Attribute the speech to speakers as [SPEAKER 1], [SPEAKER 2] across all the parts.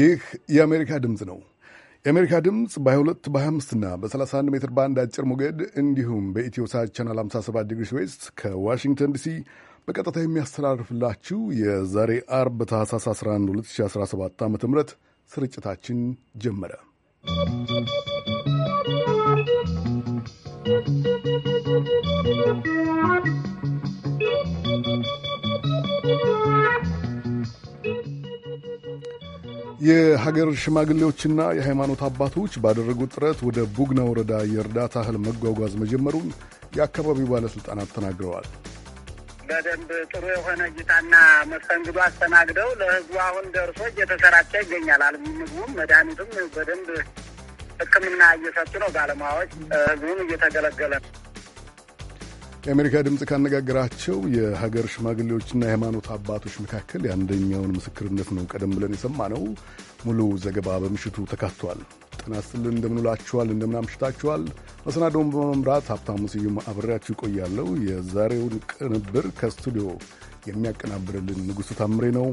[SPEAKER 1] ይህ የአሜሪካ ድምፅ ነው። የአሜሪካ ድምፅ በ22 በ25ና በ31 ሜትር ባንድ አጭር ሞገድ እንዲሁም ሳት ቻናል 57 ዲግሪ ዌስት ከዋሽንግተን ዲሲ በቀጥታ የሚያስተላልፍላችሁ የዛሬ አርብ ታህሳስ 11 2017 ዓ ም ስርጭታችን ጀመረ። ¶¶ የሀገር ሽማግሌዎችና የሃይማኖት አባቶች ባደረጉት ጥረት ወደ ቡግና ወረዳ የእርዳታ እህል መጓጓዝ መጀመሩን የአካባቢው ባለሥልጣናት ተናግረዋል።
[SPEAKER 2] በደንብ
[SPEAKER 3] ጥሩ የሆነ እይታና መስተንግዶ አስተናግደው ለህዝቡ አሁን ደርሶ እየተሰራጨ ይገኛል። አልሚ ምግቡም መድኃኒቱም በደንብ ሕክምና እየሰጡ ነው ባለሙያዎች። ህዝቡን እየተገለገለ ነው።
[SPEAKER 1] የአሜሪካ ድምፅ ካነጋገራቸው የሀገር ሽማግሌዎችና የሃይማኖት አባቶች መካከል የአንደኛውን ምስክርነት ነው ቀደም ብለን የሰማ ነው። ሙሉ ዘገባ በምሽቱ ተካቷል። ጤና ይስጥልን፣ እንደምንውላችኋል፣ እንደምናምሽታችኋል። መሰናዶውን በመምራት ሀብታሙ ስዩም አብሬያችሁ ይቆያለሁ። የዛሬውን ቅንብር ከስቱዲዮ የሚያቀናብርልን ንጉሡ ታምሬ ነው።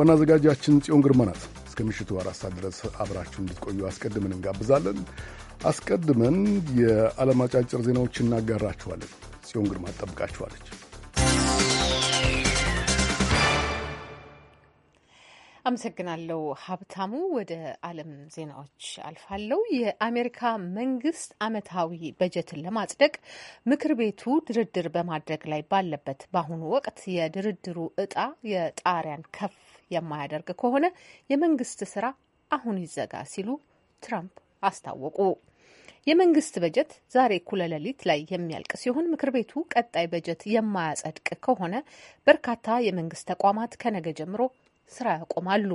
[SPEAKER 1] ዋና አዘጋጃችን ጽዮን ግርማ ናት። እስከ ምሽቱ አራት ሰዓት ድረስ አብራችሁ እንድትቆዩ አስቀድመን እንጋብዛለን። አስቀድመን የዓለም አጫጭር ዜናዎች እናጋራችኋለን። ጽዮን ግርማ ትጠብቃችኋለች።
[SPEAKER 4] አመሰግናለሁ ሀብታሙ። ወደ ዓለም ዜናዎች አልፋለሁ። የአሜሪካ መንግስት አመታዊ በጀትን ለማጽደቅ ምክር ቤቱ ድርድር በማድረግ ላይ ባለበት በአሁኑ ወቅት የድርድሩ እጣ የጣሪያን ከፍ የማያደርግ ከሆነ የመንግስት ስራ አሁን ይዘጋ ሲሉ ትራምፕ አስታወቁ። የመንግስት በጀት ዛሬ እኩለ ሌሊት ላይ የሚያልቅ ሲሆን ምክር ቤቱ ቀጣይ በጀት የማያጸድቅ ከሆነ በርካታ የመንግስት ተቋማት ከነገ ጀምሮ ስራ ያቆማሉ።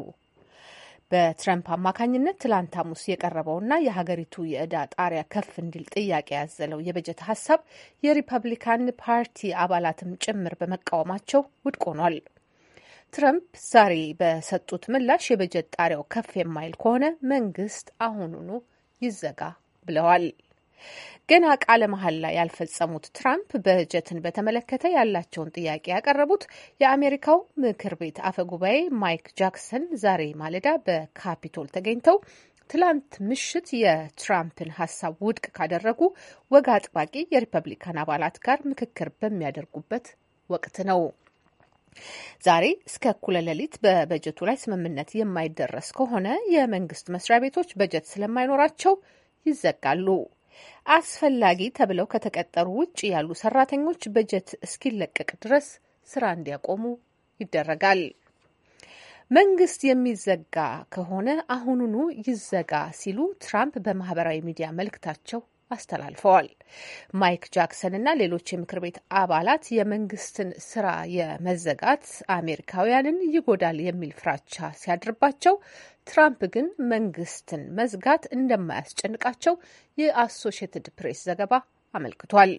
[SPEAKER 4] በትረምፕ አማካኝነት ትላንት ሐሙስ የቀረበውና የሀገሪቱ የእዳ ጣሪያ ከፍ እንዲል ጥያቄ ያዘለው የበጀት ሀሳብ የሪፐብሊካን ፓርቲ አባላትም ጭምር በመቃወማቸው ውድቅ ሆኗል። ትረምፕ ዛሬ በሰጡት ምላሽ የበጀት ጣሪያው ከፍ የማይል ከሆነ መንግስት አሁኑኑ ይዘጋ ብለዋል። ገና ቃለ ላይ ያልፈጸሙት ትራምፕ በጀትን በተመለከተ ያላቸውን ጥያቄ ያቀረቡት የአሜሪካው ምክር ቤት አፈ ጉባኤ ማይክ ጃክሰን ዛሬ ማለዳ በካፒቶል ተገኝተው ትላንት ምሽት የትራምፕን ሀሳብ ውድቅ ካደረጉ ወግ አጥባቂ የሪፐብሊካን አባላት ጋር ምክክር በሚያደርጉበት ወቅት ነው። ዛሬ እስከ እኩለ ሌሊት በበጀቱ ላይ ስምምነት የማይደረስ ከሆነ የመንግስት መስሪያ ቤቶች በጀት ስለማይኖራቸው ይዘጋሉ። አስፈላጊ ተብለው ከተቀጠሩ ውጭ ያሉ ሰራተኞች በጀት እስኪለቀቅ ድረስ ስራ እንዲያቆሙ ይደረጋል። መንግስት የሚዘጋ ከሆነ አሁኑኑ ይዘጋ ሲሉ ትራምፕ በማህበራዊ ሚዲያ መልእክታቸው አስተላልፈዋል። ማይክ ጃክሰን እና ሌሎች የምክር ቤት አባላት የመንግስትን ስራ የመዘጋት አሜሪካውያንን ይጎዳል የሚል ፍራቻ ሲያድርባቸው፣ ትራምፕ ግን መንግስትን መዝጋት እንደማያስጨንቃቸው የአሶሽየትድ ፕሬስ ዘገባ አመልክቷል።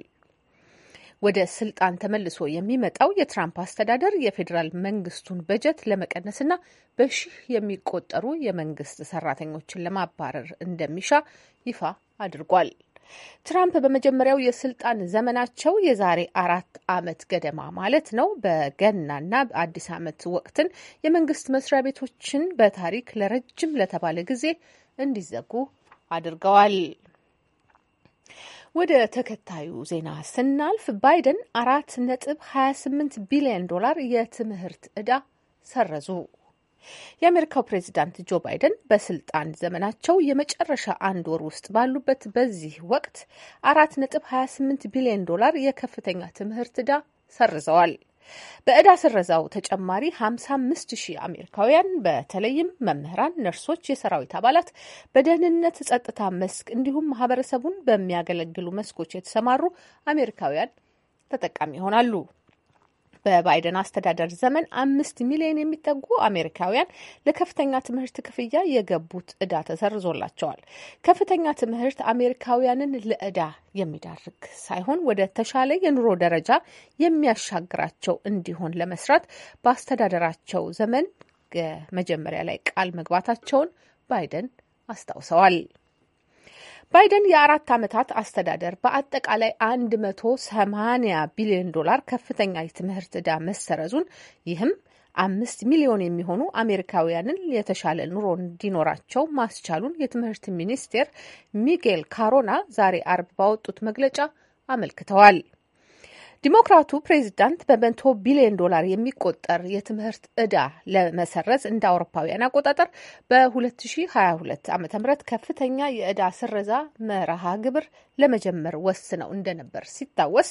[SPEAKER 4] ወደ ስልጣን ተመልሶ የሚመጣው የትራምፕ አስተዳደር የፌዴራል መንግስቱን በጀት ለመቀነስና በሺህ የሚቆጠሩ የመንግስት ሰራተኞችን ለማባረር እንደሚሻ ይፋ አድርጓል። ትራምፕ በመጀመሪያው የስልጣን ዘመናቸው የዛሬ አራት ዓመት ገደማ ማለት ነው በገናና በአዲስ ዓመት ወቅትን የመንግስት መስሪያ ቤቶችን በታሪክ ለረጅም ለተባለ ጊዜ እንዲዘጉ አድርገዋል። ወደ ተከታዩ ዜና ስናልፍ ባይደን አራት ነጥብ 28 ቢሊዮን ዶላር የትምህርት ዕዳ ሰረዙ። የአሜሪካው ፕሬዚዳንት ጆ ባይደን በስልጣን ዘመናቸው የመጨረሻ አንድ ወር ውስጥ ባሉበት በዚህ ወቅት አራት ነጥብ ሀያ ስምንት ቢሊዮን ዶላር የከፍተኛ ትምህርት ዕዳ ሰርዘዋል። በእዳ ስረዛው ተጨማሪ 55 ሺህ አሜሪካውያን በተለይም መምህራን፣ ነርሶች፣ የሰራዊት አባላት፣ በደህንነት ጸጥታ መስክ እንዲሁም ማህበረሰቡን በሚያገለግሉ መስኮች የተሰማሩ አሜሪካውያን ተጠቃሚ ይሆናሉ። በባይደን አስተዳደር ዘመን አምስት ሚሊዮን የሚጠጉ አሜሪካውያን ለከፍተኛ ትምህርት ክፍያ የገቡት እዳ ተሰርዞላቸዋል። ከፍተኛ ትምህርት አሜሪካውያንን ለእዳ የሚዳርግ ሳይሆን ወደ ተሻለ የኑሮ ደረጃ የሚያሻግራቸው እንዲሆን ለመስራት በአስተዳደራቸው ዘመን መጀመሪያ ላይ ቃል መግባታቸውን ባይደን አስታውሰዋል። ባይደን የአራት ዓመታት አስተዳደር በአጠቃላይ 180 ቢሊዮን ዶላር ከፍተኛ የትምህርት ዕዳ መሰረዙን ይህም አምስት ሚሊዮን የሚሆኑ አሜሪካውያንን የተሻለ ኑሮ እንዲኖራቸው ማስቻሉን የትምህርት ሚኒስቴር ሚጌል ካሮና ዛሬ አርብ ባወጡት መግለጫ አመልክተዋል። ዲሞክራቱ ፕሬዚዳንት በመቶ ቢሊዮን ዶላር የሚቆጠር የትምህርት እዳ ለመሰረዝ እንደ አውሮፓውያን አቆጣጠር በ2022 ዓ ም ከፍተኛ የእዳ ስረዛ መርሃ ግብር ለመጀመር ወስነው እንደነበር ሲታወስ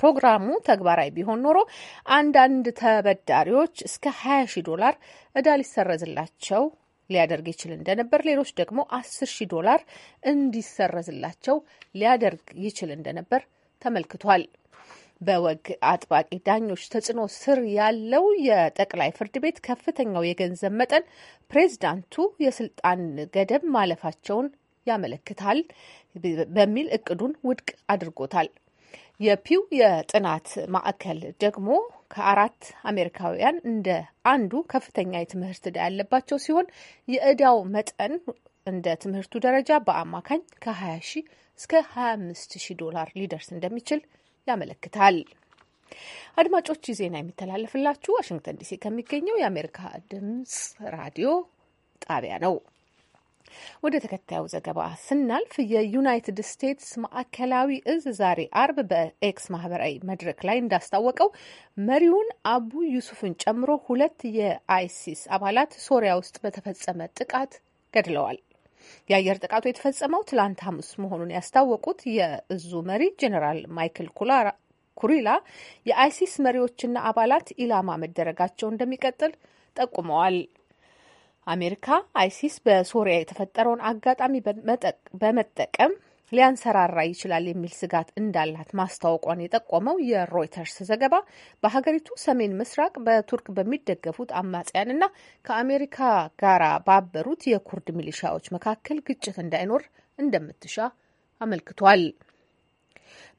[SPEAKER 4] ፕሮግራሙ ተግባራዊ ቢሆን ኖሮ አንዳንድ ተበዳሪዎች እስከ 20 ሺህ ዶላር እዳ ሊሰረዝላቸው ሊያደርግ ይችል እንደነበር፣ ሌሎች ደግሞ 10 ሺህ ዶላር እንዲሰረዝላቸው ሊያደርግ ይችል እንደነበር ተመልክቷል። በወግ አጥባቂ ዳኞች ተጽዕኖ ስር ያለው የጠቅላይ ፍርድ ቤት ከፍተኛው የገንዘብ መጠን ፕሬዚዳንቱ የስልጣን ገደብ ማለፋቸውን ያመለክታል በሚል እቅዱን ውድቅ አድርጎታል። የፒው የጥናት ማዕከል ደግሞ ከአራት አሜሪካውያን እንደ አንዱ ከፍተኛ የትምህርት እዳ ያለባቸው ሲሆን የእዳው መጠን እንደ ትምህርቱ ደረጃ በአማካኝ ከ20 ሺህ እስከ 25 ሺህ ዶላር ሊደርስ እንደሚችል ያመለክታል። አድማጮች ዜና የሚተላለፍላችሁ ዋሽንግተን ዲሲ ከሚገኘው የአሜሪካ ድምጽ ራዲዮ ጣቢያ ነው። ወደ ተከታዩ ዘገባ ስናልፍ የዩናይትድ ስቴትስ ማዕከላዊ እዝ ዛሬ አርብ በኤክስ ማህበራዊ መድረክ ላይ እንዳስታወቀው መሪውን አቡ ዩሱፍን ጨምሮ ሁለት የአይሲስ አባላት ሶሪያ ውስጥ በተፈጸመ ጥቃት ገድለዋል። የአየር ጥቃቱ የተፈጸመው ትላንት ሐሙስ መሆኑን ያስታወቁት የእዙ መሪ ጄኔራል ማይክል ኩሪላ የአይሲስ መሪዎችና አባላት ኢላማ መደረጋቸው እንደሚቀጥል ጠቁመዋል። አሜሪካ አይሲስ በሶሪያ የተፈጠረውን አጋጣሚ በመጠቀም ሊያንሰራራ ይችላል የሚል ስጋት እንዳላት ማስታወቋን የጠቆመው የሮይተርስ ዘገባ በሀገሪቱ ሰሜን ምስራቅ በቱርክ በሚደገፉት አማጽያንና ከአሜሪካ ጋር ባበሩት የኩርድ ሚሊሻዎች መካከል ግጭት እንዳይኖር እንደምትሻ አመልክቷል።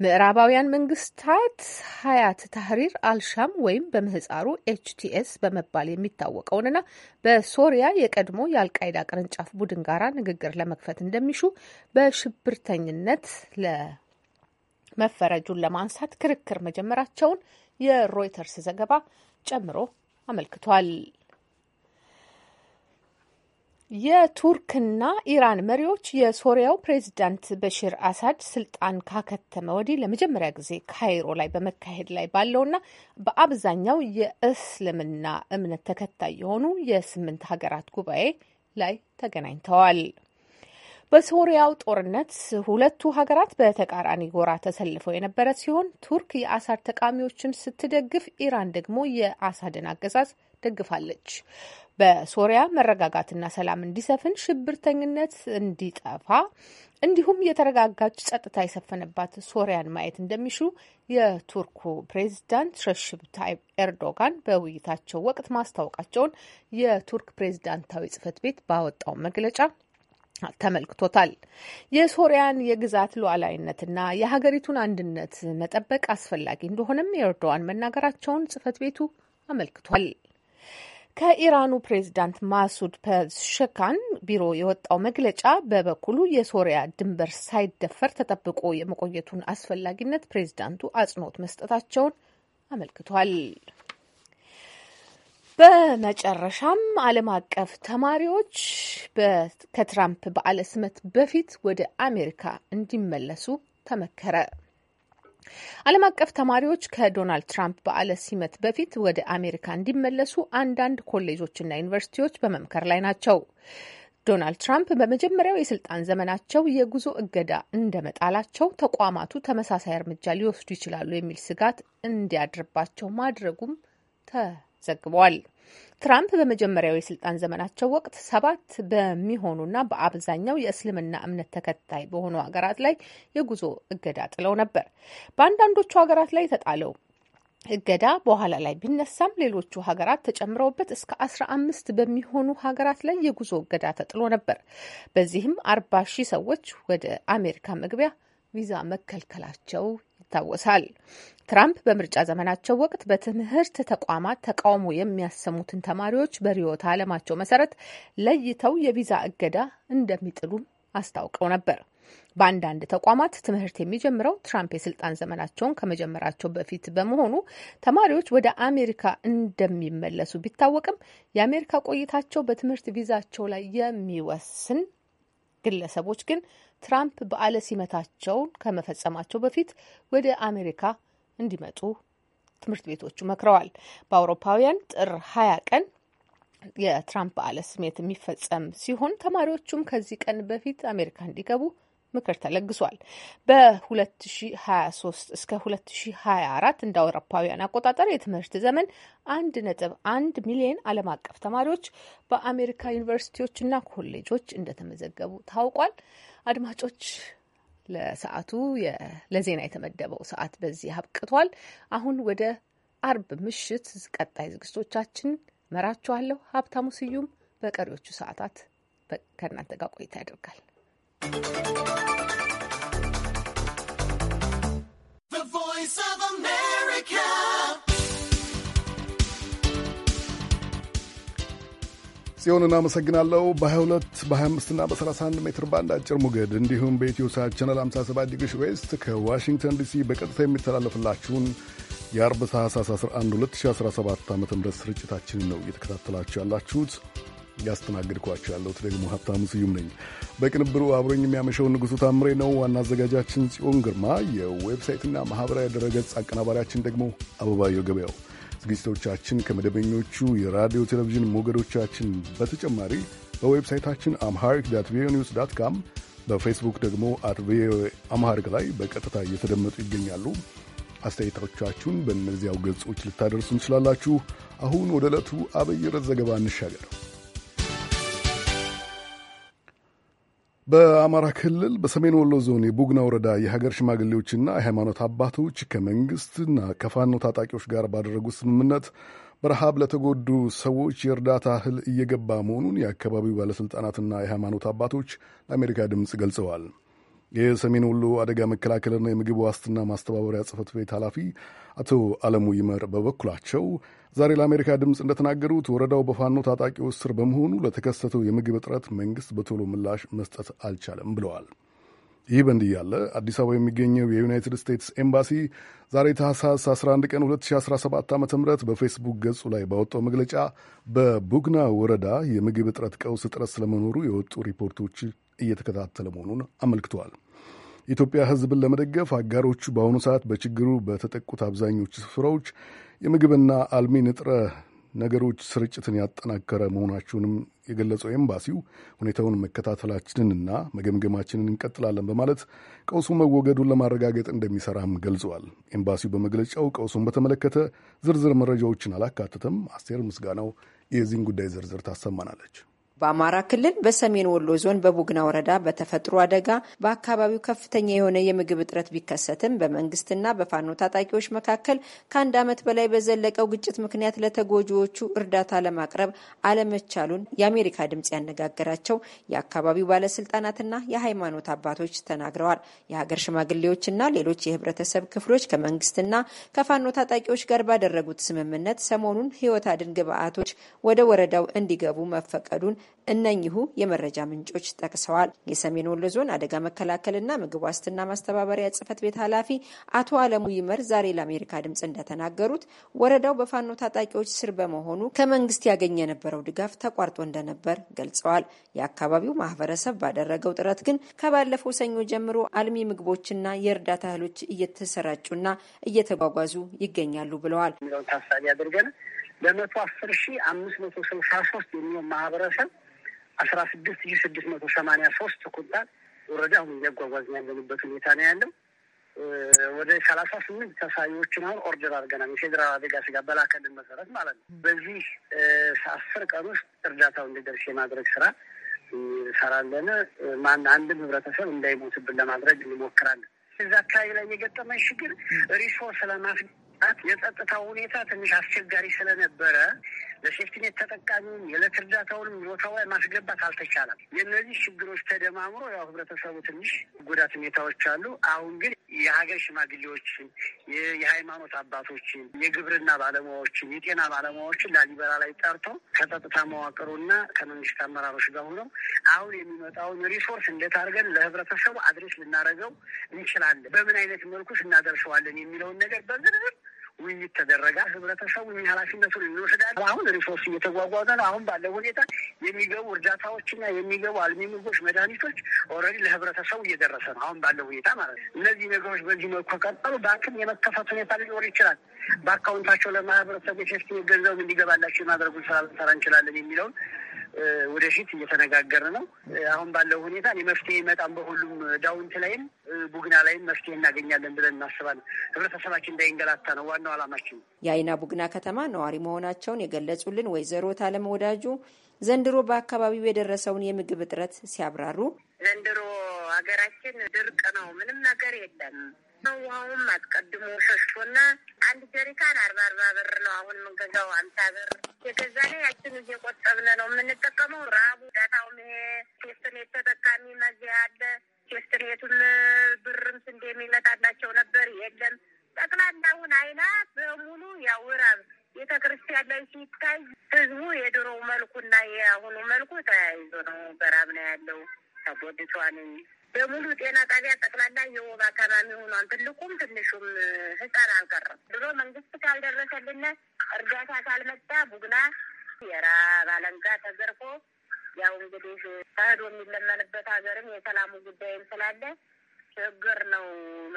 [SPEAKER 4] ምዕራባውያን መንግስታት ሀያት ታህሪር አልሻም ወይም በምህፃሩ ኤችቲኤስ በመባል የሚታወቀውንና በሶሪያ የቀድሞ የአልቃይዳ ቅርንጫፍ ቡድን ጋራ ንግግር ለመክፈት እንደሚሹ በሽብርተኝነት ለመፈረጁን ለማንሳት ክርክር መጀመራቸውን የሮይተርስ ዘገባ ጨምሮ አመልክቷል። የቱርክና ኢራን መሪዎች የሶሪያው ፕሬዚዳንት በሽር አሳድ ስልጣን ካከተመ ወዲህ ለመጀመሪያ ጊዜ ካይሮ ላይ በመካሄድ ላይ ባለውና በአብዛኛው የእስልምና እምነት ተከታይ የሆኑ የስምንት ሀገራት ጉባኤ ላይ ተገናኝተዋል። በሶሪያው ጦርነት ሁለቱ ሀገራት በተቃራኒ ጎራ ተሰልፈው የነበረ ሲሆን ቱርክ የአሳድ ተቃዋሚዎችን ስትደግፍ፣ ኢራን ደግሞ የአሳድን አገዛዝ ደግፋለች። በሶሪያ መረጋጋትና ሰላም እንዲሰፍን፣ ሽብርተኝነት እንዲጠፋ እንዲሁም የተረጋጋች ጸጥታ የሰፈነባት ሶሪያን ማየት እንደሚሹ የቱርኩ ፕሬዚዳንት ረሽብ ታይብ ኤርዶጋን በውይይታቸው ወቅት ማስታወቃቸውን የቱርክ ፕሬዚዳንታዊ ጽህፈት ቤት ባወጣው መግለጫ ተመልክቶታል። የሶሪያን የግዛት ሉዓላዊነትና የሀገሪቱን አንድነት መጠበቅ አስፈላጊ እንደሆነም የኤርዶዋን መናገራቸውን ጽህፈት ቤቱ አመልክቷል። ከኢራኑ ፕሬዚዳንት ማሱድ ፐዝሸካን ቢሮ የወጣው መግለጫ በበኩሉ የሶሪያ ድንበር ሳይደፈር ተጠብቆ የመቆየቱን አስፈላጊነት ፕሬዚዳንቱ አጽንኦት መስጠታቸውን አመልክቷል። በመጨረሻም ዓለም አቀፍ ተማሪዎች ከትራምፕ በዓለ ሲመት በፊት ወደ አሜሪካ እንዲመለሱ ተመከረ። ዓለም አቀፍ ተማሪዎች ከዶናልድ ትራምፕ በዓለ ሲመት በፊት ወደ አሜሪካ እንዲመለሱ አንዳንድ ኮሌጆችና ዩኒቨርሲቲዎች በመምከር ላይ ናቸው። ዶናልድ ትራምፕ በመጀመሪያው የስልጣን ዘመናቸው የጉዞ እገዳ እንደመጣላቸው ተቋማቱ ተመሳሳይ እርምጃ ሊወስዱ ይችላሉ የሚል ስጋት እንዲያድርባቸው ማድረጉም ተዘግቧል። ትራምፕ በመጀመሪያው የስልጣን ዘመናቸው ወቅት ሰባት በሚሆኑና በአብዛኛው የእስልምና እምነት ተከታይ በሆኑ ሀገራት ላይ የጉዞ እገዳ ጥለው ነበር። በአንዳንዶቹ ሀገራት ላይ የተጣለው እገዳ በኋላ ላይ ቢነሳም ሌሎቹ ሀገራት ተጨምረውበት እስከ አስራ አምስት በሚሆኑ ሀገራት ላይ የጉዞ እገዳ ተጥሎ ነበር። በዚህም አርባ ሺህ ሰዎች ወደ አሜሪካ መግቢያ ቪዛ መከልከላቸው ይታወሳል። ትራምፕ በምርጫ ዘመናቸው ወቅት በትምህርት ተቋማት ተቃውሞ የሚያሰሙትን ተማሪዎች በርዕዮተ ዓለማቸው መሰረት ለይተው የቪዛ እገዳ እንደሚጥሉም አስታውቀው ነበር። በአንዳንድ ተቋማት ትምህርት የሚጀምረው ትራምፕ የስልጣን ዘመናቸውን ከመጀመራቸው በፊት በመሆኑ ተማሪዎች ወደ አሜሪካ እንደሚመለሱ ቢታወቅም የአሜሪካ ቆይታቸው በትምህርት ቪዛቸው ላይ የሚወስን ግለሰቦች ግን ትራምፕ በዓለ ሲመታቸውን ከመፈጸማቸው በፊት ወደ አሜሪካ እንዲመጡ ትምህርት ቤቶቹ መክረዋል። በአውሮፓውያን ጥር ሀያ ቀን የትራምፕ በዓለ ሲመት የሚፈጸም ሲሆን ተማሪዎቹም ከዚህ ቀን በፊት አሜሪካ እንዲገቡ ምክር ተለግሷል። በ2023 እስከ 2024 እንደ አውሮፓውያን አቆጣጠር የትምህርት ዘመን 1.1 ሚሊዮን ዓለም አቀፍ ተማሪዎች በአሜሪካ ዩኒቨርሲቲዎችና ኮሌጆች እንደተመዘገቡ ታውቋል። አድማጮች ለሰዓቱ ለዜና የተመደበው ሰዓት በዚህ አብቅቷል። አሁን ወደ አርብ ምሽት ቀጣይ ዝግጅቶቻችን መራችኋለሁ። ሀብታሙ ስዩም በቀሪዎቹ ሰዓታት ከእናንተ ጋር ቆይታ ያደርጋል።
[SPEAKER 1] ጽዮን እናመሰግናለሁ። በ22 በ25 እና በ31 ሜትር ባንድ አጭር ሞገድ እንዲሁም በኢትዮ ሳት ቻናል 57 ዲግሪ ዌስት ከዋሽንግተን ዲሲ በቀጥታ የሚተላለፍላችሁን የአርብ ታህሳስ 11 2017 ዓ ም ስርጭታችንን ነው እየተከታተላችሁ ያላችሁት። ያስተናግድኳቸው ያለሁት ደግሞ ሀብታሙ ስዩም ነኝ። በቅንብሩ አብሮኝ የሚያመሸው ንጉሱ ታምሬ ነው። ዋና አዘጋጃችን ጽዮን ግርማ፣ የዌብሳይትና ማኅበራዊ ድረገጽ አቀናባሪያችን ደግሞ አበባየው ገበያው። ዝግጅቶቻችን ከመደበኞቹ የራዲዮ ቴሌቪዥን ሞገዶቻችን በተጨማሪ በዌብሳይታችን አምሃሪክ ዳት ቪኦኤ ኒውስ ዳት ካም በፌስቡክ ደግሞ አት ቪኦኤ አምሃሪክ ላይ በቀጥታ እየተደመጡ ይገኛሉ። አስተያየቶቻችሁን በእነዚያው ገጾች ልታደርሱ እንችላላችሁ። አሁን ወደ ዕለቱ አብይ ርዕስ ዘገባ እንሻገር። በአማራ ክልል በሰሜን ወሎ ዞን የቡግና ወረዳ የሀገር ሽማግሌዎችና የሃይማኖት አባቶች ከመንግስትና ከፋኖ ታጣቂዎች ጋር ባደረጉት ስምምነት በረሃብ ለተጎዱ ሰዎች የእርዳታ እህል እየገባ መሆኑን የአካባቢው ባለሥልጣናትና የሃይማኖት አባቶች ለአሜሪካ ድምፅ ገልጸዋል። የሰሜን ወሎ አደጋ መከላከልና የምግብ ዋስትና ማስተባበሪያ ጽፈት ቤት ኃላፊ አቶ አለሙ ይመር በበኩላቸው ዛሬ ለአሜሪካ ድምፅ እንደተናገሩት ወረዳው በፋኖ ታጣቂዎች ስር በመሆኑ ለተከሰተው የምግብ እጥረት መንግስት በቶሎ ምላሽ መስጠት አልቻለም ብለዋል። ይህ በእንዲህ ያለ አዲስ አበባ የሚገኘው የዩናይትድ ስቴትስ ኤምባሲ ዛሬ ታህሳስ 11 ቀን 2017 ዓ ም በፌስቡክ ገጹ ላይ ባወጣው መግለጫ በቡግና ወረዳ የምግብ እጥረት ቀውስ እጥረት ስለመኖሩ የወጡ ሪፖርቶች እየተከታተለ መሆኑን አመልክተዋል። የኢትዮጵያ ሕዝብን ለመደገፍ አጋሮቹ በአሁኑ ሰዓት በችግሩ በተጠቁት አብዛኞቹ ስፍራዎች የምግብና አልሚ ንጥረ ነገሮች ስርጭትን ያጠናከረ መሆናቸውንም የገለጸው ኤምባሲው ሁኔታውን መከታተላችንንና መገምገማችንን እንቀጥላለን በማለት ቀውሱ መወገዱን ለማረጋገጥ እንደሚሰራም ገልጸዋል። ኤምባሲው በመግለጫው ቀውሱን በተመለከተ ዝርዝር መረጃዎችን አላካተተም። አስቴር ምስጋናው የዚህን ጉዳይ ዝርዝር ታሰማናለች።
[SPEAKER 5] በአማራ ክልል በሰሜን ወሎ ዞን በቡግና ወረዳ በተፈጥሮ አደጋ በአካባቢው ከፍተኛ የሆነ የምግብ እጥረት ቢከሰትም በመንግስትና በፋኖ ታጣቂዎች መካከል ከአንድ ዓመት በላይ በዘለቀው ግጭት ምክንያት ለተጎጂዎቹ እርዳታ ለማቅረብ አለመቻሉን የአሜሪካ ድምጽ ያነጋገራቸው የአካባቢው ባለስልጣናትና የሃይማኖት አባቶች ተናግረዋል። የሀገር ሽማግሌዎችና ሌሎች የህብረተሰብ ክፍሎች ከመንግስትና ከፋኖ ታጣቂዎች ጋር ባደረጉት ስምምነት ሰሞኑን ህይወት አድን ግብዓቶች ወደ ወረዳው እንዲገቡ መፈቀዱን እነኚሁ የመረጃ ምንጮች ጠቅሰዋል። የሰሜን ወሎ ዞን አደጋ መከላከልና ምግብ ዋስትና ማስተባበሪያ ጽህፈት ቤት ኃላፊ አቶ አለሙ ይመር ዛሬ ለአሜሪካ ድምፅ እንደተናገሩት ወረዳው በፋኖ ታጣቂዎች ስር በመሆኑ ከመንግስት ያገኘ የነበረው ድጋፍ ተቋርጦ እንደነበር ገልጸዋል። የአካባቢው ማህበረሰብ ባደረገው ጥረት ግን ከባለፈው ሰኞ ጀምሮ አልሚ ምግቦችና የእርዳታ እህሎች እየተሰራጩና እየተጓጓዙ ይገኛሉ ብለዋል።
[SPEAKER 6] ታሳቢ አድርገን በመቶ አስር ሺ አምስት መቶ ስልሳ ሶስት የሚሆን ማህበረሰብ አስራ ስድስት ሺ ስድስት መቶ ሰማኒያ ሶስት ኩንታል ወረዳ አሁን እያጓጓዝን ያለንበት ሁኔታ ነው ያለው። ወደ ሰላሳ ስምንት ተሳቢዎችን አሁን ኦርደር አድርገናል። የፌዴራል አደጋ ስጋት በላከልን መሰረት ማለት ነው። በዚህ አስር ቀን ውስጥ እርዳታው እንዲደርስ የማድረግ ስራ እንሰራለን። ማን አንድም ህብረተሰብ እንዳይሞትብን ለማድረግ እንሞክራለን። እዛ አካባቢ ላይ የገጠመን ችግር ሪሶርስ ለማፍ የጸጥታው ሁኔታ ትንሽ አስቸጋሪ ስለነበረ ለሴፍቲኔት ተጠቃሚውን የዕለት እርዳታውንም ቦታው ላይ ማስገባት አልተቻለም። የእነዚህ ችግሮች ተደማምሮ ያው ህብረተሰቡ ትንሽ ጉዳት ሁኔታዎች አሉ። አሁን ግን የሀገር ሽማግሌዎችን፣ የሃይማኖት አባቶችን፣ የግብርና ባለሙያዎችን፣ የጤና ባለሙያዎችን ላሊበላ ላይ ጠርቶ ከጸጥታ መዋቅሩና ከመንግስት አመራሮች ጋር ሆነው አሁን የሚመጣውን ሪሶርስ እንዴት አድርገን ለህብረተሰቡ አድሬስ ልናደርገው እንችላለን፣ በምን አይነት መልኩ እናደርሰዋለን የሚለውን ነገር በዝርዝር ውይይት ተደረገ። ህብረተሰቡ እኛ ኃላፊነቱን እንወስዳል። አሁን ሪሶርስ እየተጓጓዘ ነው። አሁን ባለው ሁኔታ የሚገቡ እርዳታዎችና የሚገቡ አልሚ ምግቦች፣ መድኃኒቶች ኦልሬዲ ለህብረተሰቡ እየደረሰ ነው። አሁን ባለው ሁኔታ ማለት ነው። እነዚህ ነገሮች በዚህ መልኩ ከቀጠሉ ባንክም የመከፈት ሁኔታ ሊኖር ይችላል። በአካውንታቸው ለማህበረሰቡ የሴፍቲ ገንዘብ እንዲገባላቸው የማድረጉን ስራ ልንሰራ እንችላለን የሚለውን ወደፊት እየተነጋገር ነው። አሁን ባለው ሁኔታ እኔ መፍትሄ ይመጣም በሁሉም ዳውንት ላይም ቡግና ላይም መፍትሄ እናገኛለን ብለን እናስባለን። ህብረተሰባችን እንዳይንገላታ ነው ዋናው አላማችን።
[SPEAKER 5] የአይና ቡግና ከተማ ነዋሪ መሆናቸውን የገለጹልን ወይዘሮ ታለም ወዳጁ ዘንድሮ በአካባቢው የደረሰውን የምግብ እጥረት ሲያብራሩ
[SPEAKER 3] ዘንድሮ ሀገራችን ድርቅ ነው፣ ምንም ነገር የለም ውሃውም አስቀድሞ ሸሽቶና አንድ ጀሪካን አርባ አርባ ብር ነው አሁን የምንገዛው፣ አምሳ ብር የገዛ ላይ ያችን እየቆጠብን ነው የምንጠቀመው። ራቡ ዳታውም ይሄ ቴስትኔት ተጠቃሚ መዚያ አለ። ቴስትኔቱም ብርም ስንዴ የሚመጣላቸው ነበር የለም። ጠቅላላውን አይና በሙሉ ያው ራብ ቤተ ክርስቲያን ላይ ሲታይ ህዝቡ የድሮው መልኩና የአሁኑ መልኩ ተያይዞ ነው በራብ ነው ያለው። ተጎድቷን በሙሉ ጤና ጣቢያ ጠቅላላ የወባ አካባቢ ሆኗል። ትልቁም ትንሹም ህፃን አልቀረም። ድሮ መንግስት ካልደረሰልን እርዳታ ካልመጣ ቡግና የራ ባለንጋ ተዘርፎ ያው እንግዲህ ተህዶ የሚለመንበት ሀገርም የሰላሙ ጉዳይም ስላለ
[SPEAKER 5] ችግር ነው።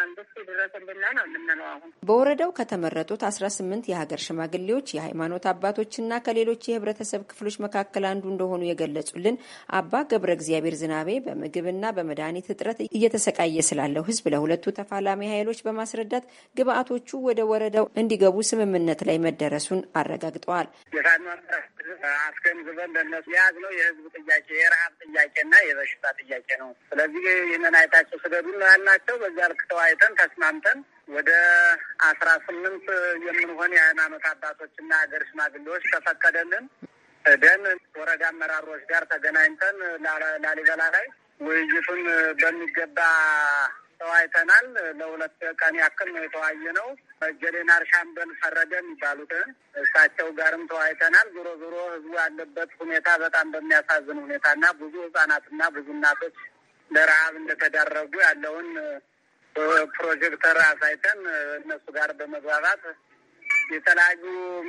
[SPEAKER 5] መንግስት ድረስልና ነው የምንለው። አሁን በወረዳው ከተመረጡት አስራ ስምንት የሀገር ሽማግሌዎች የሃይማኖት አባቶችና ከሌሎች የህብረተሰብ ክፍሎች መካከል አንዱ እንደሆኑ የገለጹልን አባ ገብረ እግዚአብሔር ዝናቤ በምግብና በመድኃኒት እጥረት እየተሰቃየ ስላለው ህዝብ ለሁለቱ ተፋላሚ ኃይሎች በማስረዳት ግብአቶቹ ወደ ወረዳው እንዲገቡ ስምምነት ላይ መደረሱን አረጋግጠዋል። አስገንዝበን
[SPEAKER 3] ለነሱ የያዝነው የህዝብ ጥያቄ የረሀብ ጥያቄና የበሽታ ጥያቄ ነው። ስለዚህ ይህንን አይታቸው ስደዱን ነው ያልናቸው። በዚያ ልክ ተወያይተን ተስማምተን ወደ አስራ ስምንት የምንሆን የሃይማኖት አባቶችና ሀገር ሽማግሌዎች ተፈቀደልን። ደን ወረዳ አመራሮች ጋር ተገናኝተን ላሊበላ ላይ ውይይቱን በሚገባ ተወያይተናል። ለሁለት ቀን ያክል ነው የተወያየ ነው። ጀሌናር ሻምበል ፈረደ የሚባሉትን እሳቸው ጋርም ተወያይተናል። ዞሮ ዞሮ ህዝቡ ያለበት ሁኔታ በጣም በሚያሳዝን ሁኔታና ብዙ ህጻናትና ብዙ እናቶች ለረሀብ እንደተዳረጉ ያለውን ፕሮጀክተር አሳይተን እነሱ ጋር በመግባባት የተለያዩ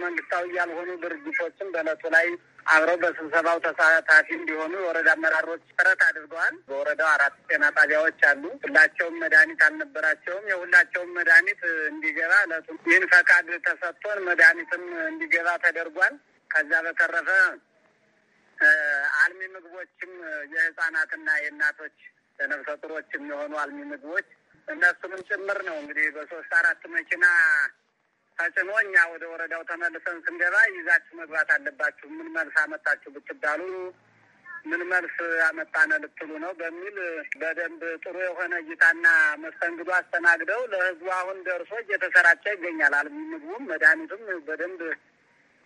[SPEAKER 3] መንግስታዊ ያልሆኑ ድርጅቶችን በእለቱ ላይ አብረው በስብሰባው ተሳታፊ እንዲሆኑ የወረዳ አመራሮች ጥረት አድርገዋል። በወረዳው አራት ጤና ጣቢያዎች አሉ። ሁላቸውም መድኃኒት አልነበራቸውም። የሁላቸውም መድኃኒት እንዲገባ እለቱ ይህን ፈቃድ ተሰጥቶን መድኃኒትም እንዲገባ ተደርጓል። ከዛ በተረፈ አልሚ ምግቦችም የህጻናትና የእናቶች ለነፍሰ ጡሮች የሚሆኑ አልሚ ምግቦች እነሱንም ጭምር ነው እንግዲህ በሶስት አራት መኪና ተጭኖ እኛ ወደ ወረዳው ተመልሰን ስንገባ ይዛችሁ መግባት አለባችሁ፣ ምን መልስ አመጣችሁ ብትባሉ ምን መልስ አመጣነ ልትሉ ነው በሚል በደንብ ጥሩ የሆነ እይታና መስተንግዶ አስተናግደው ለህዝቡ አሁን ደርሶ እየተሰራጨ ይገኛል። አልሚ ምግቡም መድኃኒቱም በደንብ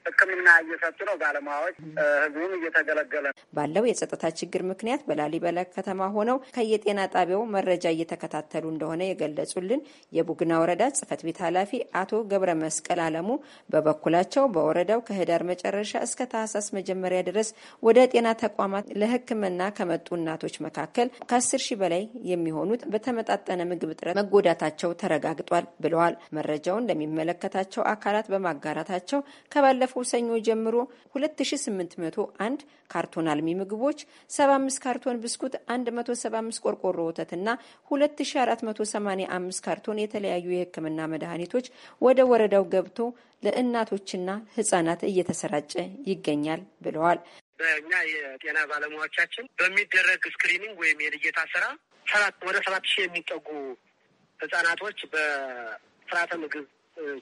[SPEAKER 3] ሕክምና እየሰጡ ነው ባለሙያዎች፣ ህዝቡም እየተገለገለ ነው።
[SPEAKER 5] ባለው የጸጥታ ችግር ምክንያት በላሊበላ ከተማ ሆነው ከየጤና ጣቢያው መረጃ እየተከታተሉ እንደሆነ የገለጹልን የቡግና ወረዳ ጽህፈት ቤት ኃላፊ አቶ ገብረ መስቀል አለሙ በበኩላቸው በወረዳው ከህዳር መጨረሻ እስከ ታህሳስ መጀመሪያ ድረስ ወደ ጤና ተቋማት ለሕክምና ከመጡ እናቶች መካከል ከአስር ሺህ በላይ የሚሆኑት በተመጣጠነ ምግብ እጥረት መጎዳታቸው ተረጋግጧል ብለዋል። መረጃውን ለሚመለከታቸው አካላት በማጋራታቸው ከባለፈ ካለፈው ሰኞ ጀምሮ 2801 ካርቶን አልሚ ምግቦች፣ 75 ካርቶን ብስኩት፣ 175 ቆርቆሮ ወተትና 2485 ካርቶን የተለያዩ የሕክምና መድኃኒቶች ወደ ወረዳው ገብቶ ለእናቶችና ህጻናት እየተሰራጨ ይገኛል ብለዋል። በእኛ የጤና ባለሙያዎቻችን
[SPEAKER 7] በሚደረግ ስክሪኒንግ ወይም የልየታ ስራ ሰባት ወደ ሰባት ሺህ የሚጠጉ ህጻናቶች በስርዓተ ምግብ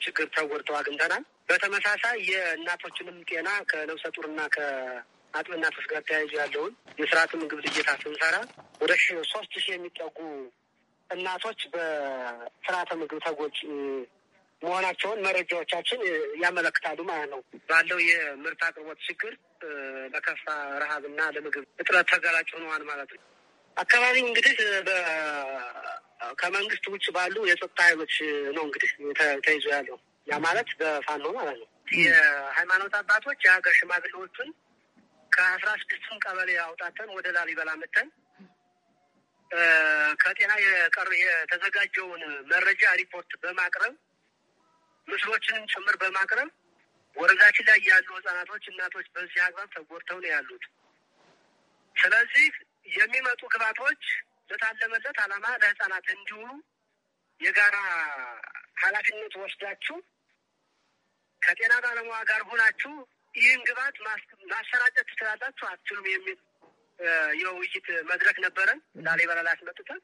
[SPEAKER 7] ችግር ተወርተው አግኝተናል። በተመሳሳይ የእናቶችንም ጤና ከነብሰ ጡርና ከአጥቢ እናቶች ጋር ተያይዞ ያለውን የስርዓተ ምግብ ልየታ ስንሰራ ወደ ሶስት ሺህ የሚጠጉ እናቶች በስርዓተ ምግብ ተጎጂ መሆናቸውን መረጃዎቻችን ያመለክታሉ ማለት ነው። ባለው የምርት አቅርቦት ችግር ለከፋ ረሃብና ለምግብ እጥረት ተጋላጭ ሆነዋል ማለት ነው። አካባቢ እንግዲህ ከመንግስት ውጭ ባሉ የጸጥታ ኃይሎች ነው እንግዲህ ተይዞ ያለው። ያ ማለት በፋኖ ማለት ነው። የሃይማኖት አባቶች የሀገር ሽማግሌዎቹን ከአስራ ስድስቱም ቀበሌ አውጣተን ወደ ላሊበላ መተን ከጤና የቀር የተዘጋጀውን መረጃ ሪፖርት በማቅረብ ምስሎችንም ጭምር በማቅረብ ወረዳችን ላይ ያሉ ህጻናቶች፣ እናቶች በዚህ አግባብ ተጎድተው ነው ያሉት። ስለዚህ የሚመጡ ግባቶች ለታለመለት ዓላማ ለህፃናት እንዲውሉ የጋራ ኃላፊነት ወስዳችሁ ከጤና ባለሙያ ጋር ሆናችሁ ይህን ግብዓት ማሰራጨት ትችላላችሁ አትችሉም የሚል የውይይት መድረክ ነበረን። ላሊበላ ላይ አስመጥተን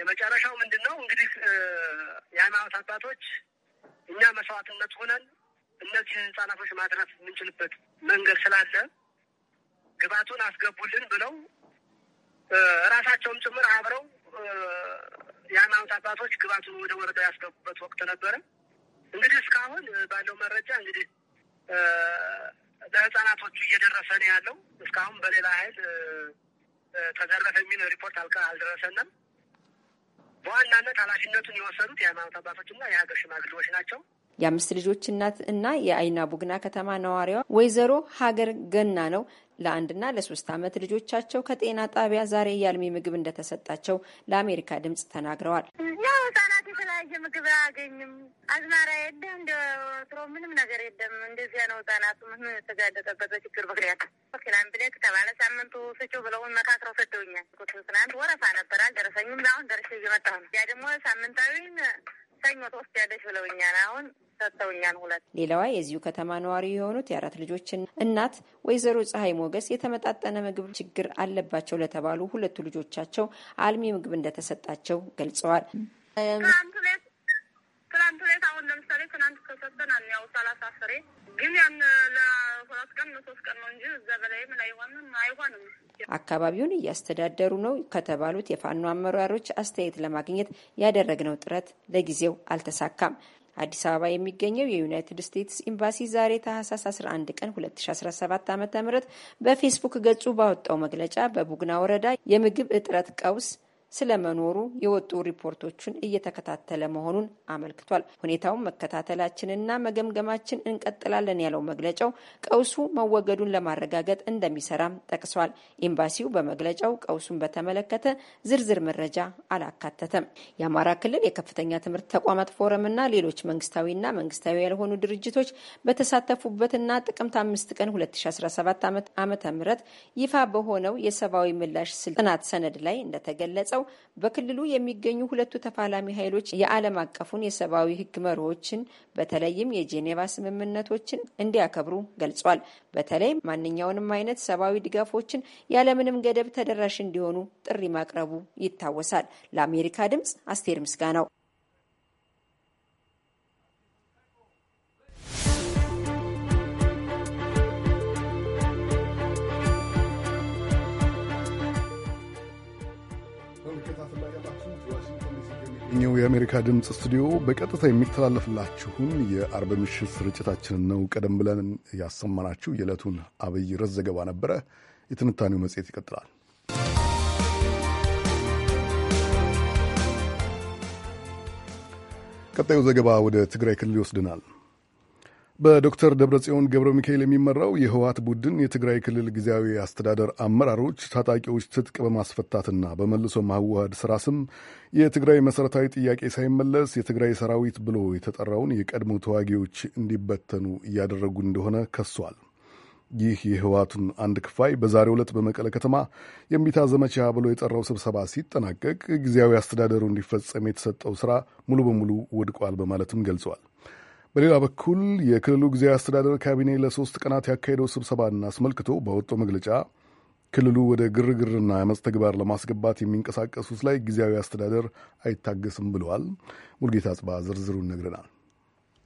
[SPEAKER 7] የመጨረሻው ምንድን ነው እንግዲህ የሃይማኖት አባቶች እኛ መስዋዕትነት ሆነን እነዚህ ህጻናቶች ማድረስ የምንችልበት መንገድ ስላለ ግብዓቱን አስገቡልን ብለው ራሳቸውም ጭምር አብረው የሃይማኖት አባቶች ግባቱን ወደ ወረዳ ያስገቡበት ወቅት ነበረ። እንግዲህ እስካሁን ባለው መረጃ እንግዲህ ለህፃናቶቹ እየደረሰ ነው ያለው። እስካሁን በሌላ ኃይል ተዘረፈ የሚል ሪፖርት አልቀ አልደረሰንም። በዋናነት ኃላፊነቱን የወሰዱት የሃይማኖት አባቶችና የሀገር ሽማግሌዎች ናቸው።
[SPEAKER 5] የአምስት ልጆች እናት እና የአይና ቡግና ከተማ ነዋሪዋ ወይዘሮ ሀገር ገና ነው ለአንድና ለሶስት ዓመት ልጆቻቸው ከጤና ጣቢያ ዛሬ የአልሚ ምግብ እንደተሰጣቸው ለአሜሪካ ድምጽ ተናግረዋል።
[SPEAKER 2] ያው
[SPEAKER 3] ህጻናት የተለያየ ምግብ አያገኝም። አዝማራ የለም፣ እንደ ትሮ ምንም ነገር የለም። እንደዚያ ነው ህጻናቱ ምን ተጋለጠበት በችግር ምክንያት
[SPEAKER 4] ኪላን ብሌክ ተባለ። ሳምንቱ ስጪው
[SPEAKER 3] ብለውን መካክረው ሰደውኛል። ትናንት ወረፋ ነበር አልደረሰኝም። አሁን ደረሰ እየመጣሁ ነው። ያ ደግሞ ሳምንታዊን ሰኞ ተወስጃለሽ ብለውኛል። አሁን ሰጥተውኛል
[SPEAKER 5] ሁለት። ሌላዋ የዚሁ ከተማ ነዋሪ የሆኑት የአራት ልጆች እናት ወይዘሮ ፀሐይ ሞገስ የተመጣጠነ ምግብ ችግር አለባቸው ለተባሉ ሁለቱ ልጆቻቸው አልሚ ምግብ እንደተሰጣቸው ገልጸዋል።
[SPEAKER 3] ትናንት ሁለት አሁን ለምሳሌ ትናንት ከሰጠን ያው ሰላሳ ፍሬ ግን ያን ለሁለት ቀን ለሶስት ቀን ነው እንጂ እዛ አይሆንም።
[SPEAKER 5] አካባቢውን እያስተዳደሩ ነው ከተባሉት የፋኖ አመራሮች አስተያየት ለማግኘት ያደረግነው ጥረት ለጊዜው አልተሳካም። አዲስ አበባ የሚገኘው የዩናይትድ ስቴትስ ኤምባሲ ዛሬ ታህሳስ 11 ቀን 2017 ዓ ም በፌስቡክ ገጹ ባወጣው መግለጫ በቡግና ወረዳ የምግብ እጥረት ቀውስ ስለመኖሩ የወጡ ሪፖርቶችን እየተከታተለ መሆኑን አመልክቷል። ሁኔታውን መከታተላችንና መገምገማችን እንቀጥላለን ያለው መግለጫው ቀውሱ መወገዱን ለማረጋገጥ እንደሚሰራም ጠቅሷል። ኤምባሲው በመግለጫው ቀውሱን በተመለከተ ዝርዝር መረጃ አላካተተም። የአማራ ክልል የከፍተኛ ትምህርት ተቋማት ፎረምና ሌሎች መንግስታዊና መንግስታዊ ያልሆኑ ድርጅቶች በተሳተፉበትና ጥቅምት አምስት ቀን 2017 ዓ ም ይፋ በሆነው የሰብአዊ ምላሽ ስልጥናት ሰነድ ላይ እንደተገለጸው መግለጫው በክልሉ የሚገኙ ሁለቱ ተፋላሚ ኃይሎች የዓለም አቀፉን የሰብአዊ ሕግ መርሆችን በተለይም የጄኔቫ ስምምነቶችን እንዲያከብሩ ገልጿል። በተለይ ማንኛውንም አይነት ሰብአዊ ድጋፎችን ያለምንም ገደብ ተደራሽ እንዲሆኑ ጥሪ ማቅረቡ ይታወሳል። ለአሜሪካ ድምጽ አስቴር ነው።
[SPEAKER 1] ከሚገኘው የአሜሪካ ድምፅ ስቱዲዮ በቀጥታ የሚተላለፍላችሁን የአርብ ምሽት ስርጭታችንን ነው። ቀደም ብለን ያሰማናችሁ የዕለቱን አብይ ርዕስ ዘገባ ነበረ። የትንታኔው መጽሔት ይቀጥላል። ቀጣዩ ዘገባ ወደ ትግራይ ክልል ይወስድናል። በዶክተር ደብረጽዮን ገብረ ሚካኤል የሚመራው የህወሓት ቡድን የትግራይ ክልል ጊዜያዊ አስተዳደር አመራሮች ታጣቂዎች ትጥቅ በማስፈታትና በመልሶ ማዋሃድ ስራ ስም የትግራይ መሠረታዊ ጥያቄ ሳይመለስ የትግራይ ሰራዊት ብሎ የተጠራውን የቀድሞ ተዋጊዎች እንዲበተኑ እያደረጉ እንደሆነ ከሷል። ይህ የህወሓቱን አንድ ክፋይ በዛሬው ዕለት በመቀለ ከተማ የእምቢታ ዘመቻ ብሎ የጠራው ስብሰባ ሲጠናቀቅ ጊዜያዊ አስተዳደሩ እንዲፈጸም የተሰጠው ስራ ሙሉ በሙሉ ወድቋል በማለትም ገልጿል። በሌላ በኩል የክልሉ ጊዜያዊ አስተዳደር ካቢኔ ለሶስት ቀናት ያካሄደው ስብሰባን አስመልክቶ በወጣው መግለጫ ክልሉ ወደ ግርግርና የአመፅ ተግባር ለማስገባት የሚንቀሳቀሱት ላይ ጊዜያዊ አስተዳደር አይታገስም ብለዋል። ሙልጌታ ጽባ ዝርዝሩን ይነግረናል።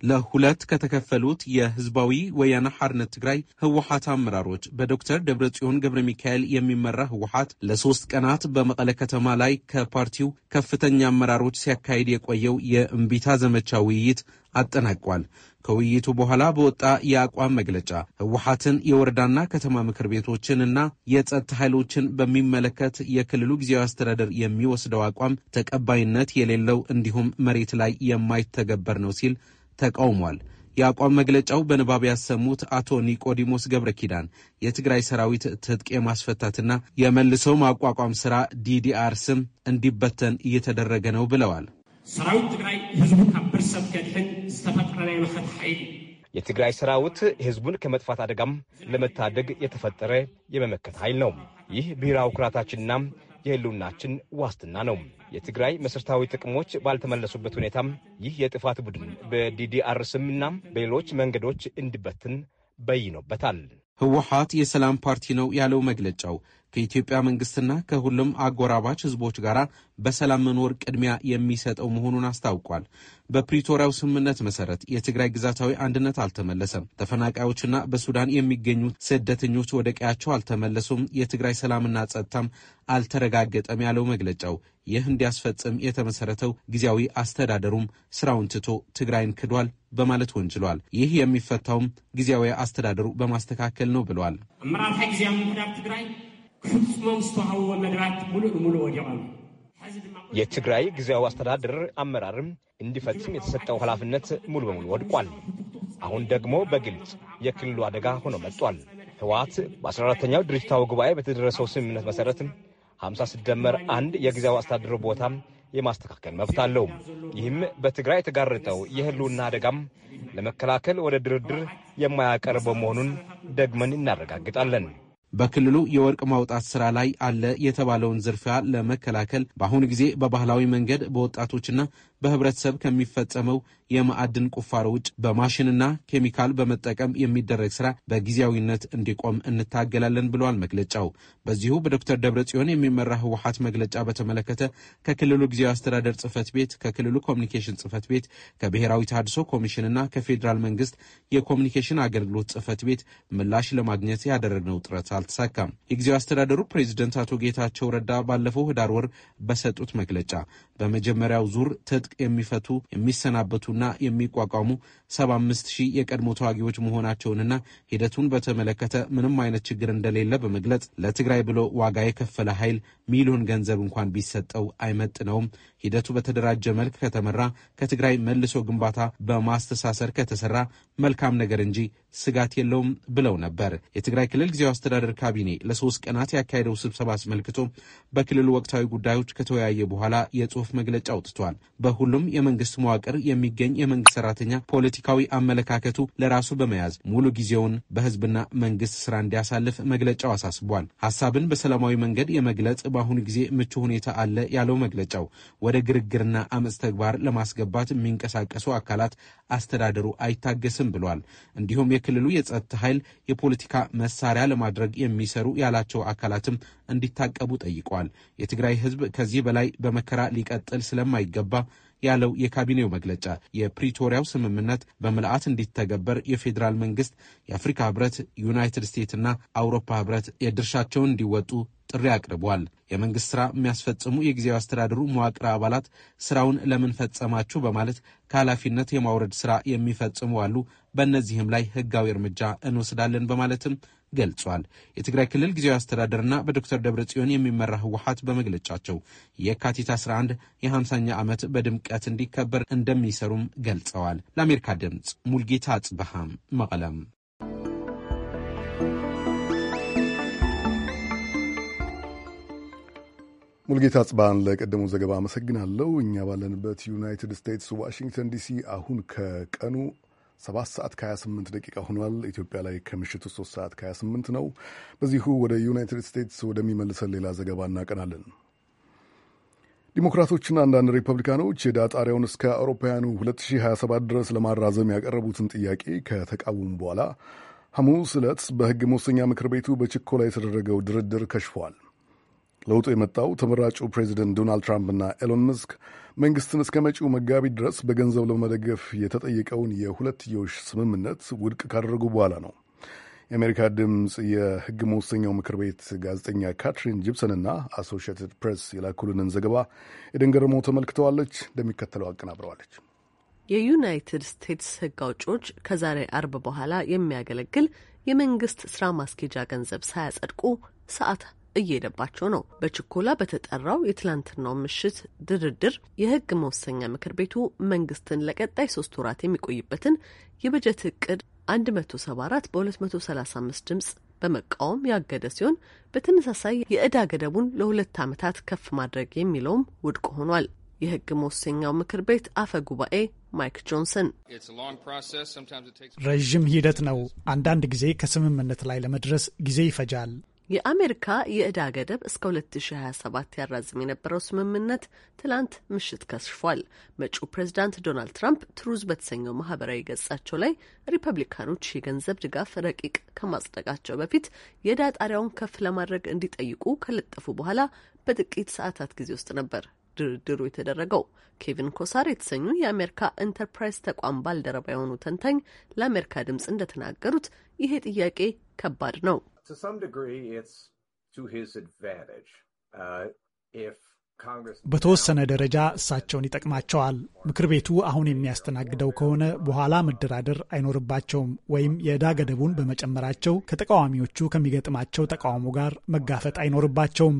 [SPEAKER 8] ለሁለት ከተከፈሉት የህዝባዊ ወያነ ሐርነት ትግራይ ህወሓት አመራሮች በዶክተር ደብረጽዮን ገብረ ሚካኤል የሚመራ ህወሓት ለሶስት ቀናት በመቀለ ከተማ ላይ ከፓርቲው ከፍተኛ አመራሮች ሲያካሂድ የቆየው የእምቢታ ዘመቻ ውይይት አጠናቋል። ከውይይቱ በኋላ በወጣ የአቋም መግለጫ ህወሓትን የወረዳና ከተማ ምክር ቤቶችን እና የጸጥታ ኃይሎችን በሚመለከት የክልሉ ጊዜያዊ አስተዳደር የሚወስደው አቋም ተቀባይነት የሌለው እንዲሁም መሬት ላይ የማይተገበር ነው ሲል ተቃውሟል። የአቋም መግለጫው በንባብ ያሰሙት አቶ ኒቆዲሞስ ገብረ ኪዳን የትግራይ ሰራዊት ትጥቅ የማስፈታትና የመልሶ ማቋቋም ስራ ዲዲአር ስም እንዲበተን እየተደረገ ነው ብለዋል። ሰራዊት
[SPEAKER 9] ትግራይ ህዝቡ ካብ ብርሰብ ከድሕን ናይ መኸት ሓይል የትግራይ ሰራዊት ህዝቡን ከመጥፋት አደጋም ለመታደግ የተፈጠረ የመመከት ኃይል ነው። ይህ ብሔራዊ ኩራታችንና የህልውናችን ዋስትና ነው። የትግራይ መሠረታዊ ጥቅሞች ባልተመለሱበት ሁኔታም ይህ የጥፋት ቡድን በዲዲአር ስምና በሌሎች መንገዶች እንዲበትን
[SPEAKER 8] በይኖበታል። ህወሓት የሰላም ፓርቲ ነው ያለው መግለጫው ከኢትዮጵያ መንግስትና ከሁሉም አጎራባች ህዝቦች ጋር በሰላም መኖር ቅድሚያ የሚሰጠው መሆኑን አስታውቋል። በፕሪቶሪያው ስምምነት መሰረት የትግራይ ግዛታዊ አንድነት አልተመለሰም። ተፈናቃዮችና በሱዳን የሚገኙ ስደተኞች ወደ ቀያቸው አልተመለሱም። የትግራይ ሰላምና ጸጥታም አልተረጋገጠም ያለው መግለጫው ይህ እንዲያስፈጽም የተመሰረተው ጊዜያዊ አስተዳደሩም ስራውን ትቶ ትግራይን ክዷል በማለት ወንጅሏል። ይህ የሚፈታውም ጊዜያዊ አስተዳደሩ በማስተካከል ነው ብሏል። የትግራይ ጊዜያዊ አስተዳደር አመራርም
[SPEAKER 9] እንዲፈጽም የተሰጠው ኃላፊነት ሙሉ በሙሉ ወድቋል። አሁን ደግሞ በግልጽ የክልሉ አደጋ ሆኖ መጥቷል። ህወሓት በ14ተኛው ድርጅታዊ ጉባኤ በተደረሰው ስምምነት መሠረት 50 ሲደመር አንድ የጊዜያዊ አስተዳደሩ ቦታ የማስተካከል መብት አለው። ይህም በትግራይ የተጋረጠው የህልውና አደጋም ለመከላከል ወደ ድርድር የማያቀርበው መሆኑን ደግመን እናረጋግጣለን።
[SPEAKER 8] በክልሉ የወርቅ ማውጣት ስራ ላይ አለ የተባለውን ዝርፊያ ለመከላከል በአሁኑ ጊዜ በባህላዊ መንገድ በወጣቶችና በህብረተሰብ ከሚፈጸመው የማዕድን ቁፋሮ ውጭ በማሽንና ኬሚካል በመጠቀም የሚደረግ ስራ በጊዜያዊነት እንዲቆም እንታገላለን ብለዋል መግለጫው። በዚሁ በዶክተር ደብረ ጽዮን የሚመራ ህወሀት መግለጫ በተመለከተ ከክልሉ ጊዜያዊ አስተዳደር ጽህፈት ቤት፣ ከክልሉ ኮሚኒኬሽን ጽህፈት ቤት፣ ከብሔራዊ ታድሶ ኮሚሽንና ከፌዴራል መንግስት የኮሚኒኬሽን አገልግሎት ጽህፈት ቤት ምላሽ ለማግኘት ያደረግነው ጥረት አልተሳካም። የጊዜያዊ አስተዳደሩ ፕሬዚደንት አቶ ጌታቸው ረዳ ባለፈው ህዳር ወር በሰጡት መግለጫ በመጀመሪያው ዙር ትጥቅ የሚፈቱ የሚሰናበቱና የሚቋቋሙ አምስት ሺህ የቀድሞ ተዋጊዎች መሆናቸውንና ሂደቱን በተመለከተ ምንም አይነት ችግር እንደሌለ በመግለጽ ለትግራይ ብሎ ዋጋ የከፈለ ኃይል ሚሊዮን ገንዘብ እንኳን ቢሰጠው አይመጥነውም ሂደቱ በተደራጀ መልክ ከተመራ ከትግራይ መልሶ ግንባታ በማስተሳሰር ከተሰራ መልካም ነገር እንጂ ስጋት የለውም ብለው ነበር። የትግራይ ክልል ጊዜያዊ አስተዳደር ካቢኔ ለሶስት ቀናት ያካሄደው ስብሰባ አስመልክቶ በክልሉ ወቅታዊ ጉዳዮች ከተወያየ በኋላ የጽሁፍ መግለጫ አውጥቷል። በሁሉም የመንግስት መዋቅር የሚገኝ የመንግስት ሰራተኛ ፖለቲካዊ አመለካከቱ ለራሱ በመያዝ ሙሉ ጊዜውን በህዝብና መንግስት ስራ እንዲያሳልፍ መግለጫው አሳስቧል። ሀሳብን በሰላማዊ መንገድ የመግለጽ በአሁኑ ጊዜ ምቹ ሁኔታ አለ ያለው መግለጫው ወደ ግርግርና አመፅ ተግባር ለማስገባት የሚንቀሳቀሱ አካላት አስተዳደሩ አይታገስም ብሏል። እንዲሁም የክልሉ የጸጥታ ኃይል የፖለቲካ መሳሪያ ለማድረግ የሚሰሩ ያላቸው አካላትም እንዲታቀቡ ጠይቋል። የትግራይ ህዝብ ከዚህ በላይ በመከራ ሊቀጥል ስለማይገባ ያለው የካቢኔው መግለጫ የፕሪቶሪያው ስምምነት በምልአት እንዲተገበር የፌዴራል መንግስት፣ የአፍሪካ ህብረት፣ ዩናይትድ ስቴትስና አውሮፓ ህብረት የድርሻቸውን እንዲወጡ ጥሪ አቅርቧል። የመንግስት ስራ የሚያስፈጽሙ የጊዜያዊ አስተዳደሩ መዋቅር አባላት ስራውን ለምን ፈጸማችሁ በማለት ከኃላፊነት የማውረድ ስራ የሚፈጽሙ አሉ። በእነዚህም ላይ ህጋዊ እርምጃ እንወስዳለን በማለትም ገልጿል። የትግራይ ክልል ጊዜያዊ አስተዳደርና በዶክተር ደብረ ጽዮን የሚመራ ህወሀት በመግለጫቸው የካቲት 11 የ50ኛ ዓመት በድምቀት እንዲከበር እንደሚሰሩም ገልጸዋል። ለአሜሪካ ድምፅ ሙልጌታ አጽበሃም መቀለም
[SPEAKER 1] ሙልጌታ ጽባን ለቀደሙ ዘገባ አመሰግናለሁ። እኛ ባለንበት ዩናይትድ ስቴትስ ዋሽንግተን ዲሲ አሁን ከቀኑ 7 ሰዓት ከ28 ደቂቃ ሆኗል። ኢትዮጵያ ላይ ከምሽቱ 3 ሰዓት ከ28 ነው። በዚሁ ወደ ዩናይትድ ስቴትስ ወደሚመልሰን ሌላ ዘገባ እናቀናለን። ዲሞክራቶችና አንዳንድ ሪፐብሊካኖች የዕዳ ጣሪያውን እስከ አውሮፓውያኑ 2027 ድረስ ለማራዘም ያቀረቡትን ጥያቄ ከተቃወሙ በኋላ ሐሙስ ዕለት በሕግ መወሰኛ ምክር ቤቱ በችኮላ የተደረገው ድርድር ከሽፏል። ለውጡ የመጣው ተመራጩ ፕሬዚደንት ዶናልድ ትራምፕ እና ኤሎን መስክ መንግስትን እስከ መጪው መጋቢት ድረስ በገንዘብ ለመደገፍ የተጠየቀውን የሁለትዮሽ ስምምነት ውድቅ ካደረጉ በኋላ ነው። የአሜሪካ ድምፅ የህግ መወሰኛው ምክር ቤት ጋዜጠኛ ካትሪን ጂፕሰንና አሶሽትድ ፕሬስ የላኩልንን ዘገባ የደንገረመው ተመልክተዋለች፣ እንደሚከተለው
[SPEAKER 10] አቀናብረዋለች። የዩናይትድ ስቴትስ ህግ አውጪዎች ከዛሬ አርብ በኋላ የሚያገለግል የመንግስት ስራ ማስኬጃ ገንዘብ ሳያጸድቁ ሰዓት እየሄደባቸው ነው። በችኮላ በተጠራው የትላንትናው ምሽት ድርድር የህግ መወሰኛ ምክር ቤቱ መንግስትን ለቀጣይ ሶስት ወራት የሚቆይበትን የበጀት እቅድ 174 በ235 ድምጽ በመቃወም ያገደ ሲሆን በተመሳሳይ የእዳ ገደቡን ለሁለት ዓመታት ከፍ ማድረግ የሚለውም ውድቅ ሆኗል። የህግ መወሰኛው ምክር ቤት አፈ ጉባኤ ማይክ ጆንሰን ረዥም ሂደት ነው።
[SPEAKER 11] አንዳንድ ጊዜ ከስምምነት ላይ ለመድረስ ጊዜ ይፈጃል።
[SPEAKER 10] የአሜሪካ የዕዳ ገደብ እስከ 2027 ያራዝም የነበረው ስምምነት ትላንት ምሽት ከሽፏል። መጪው ፕሬዚዳንት ዶናልድ ትራምፕ ትሩዝ በተሰኘው ማህበራዊ ገጻቸው ላይ ሪፐብሊካኖች የገንዘብ ድጋፍ ረቂቅ ከማጽደቃቸው በፊት የዕዳ ጣሪያውን ከፍ ለማድረግ እንዲጠይቁ ከለጠፉ በኋላ በጥቂት ሰዓታት ጊዜ ውስጥ ነበር ድርድሩ የተደረገው። ኬቪን ኮሳር የተሰኙ የአሜሪካ ኢንተርፕራይዝ ተቋም ባልደረባ የሆኑ ተንታኝ ለአሜሪካ ድምፅ እንደተናገሩት ይሄ ጥያቄ ከባድ ነው to some degree it's to his advantage.
[SPEAKER 8] Uh, if
[SPEAKER 11] በተወሰነ ደረጃ እሳቸውን ይጠቅማቸዋል። ምክር ቤቱ አሁን የሚያስተናግደው ከሆነ በኋላ መደራደር አይኖርባቸውም ወይም የዕዳ ገደቡን በመጨመራቸው ከተቃዋሚዎቹ ከሚገጥማቸው ተቃውሞ ጋር መጋፈጥ አይኖርባቸውም።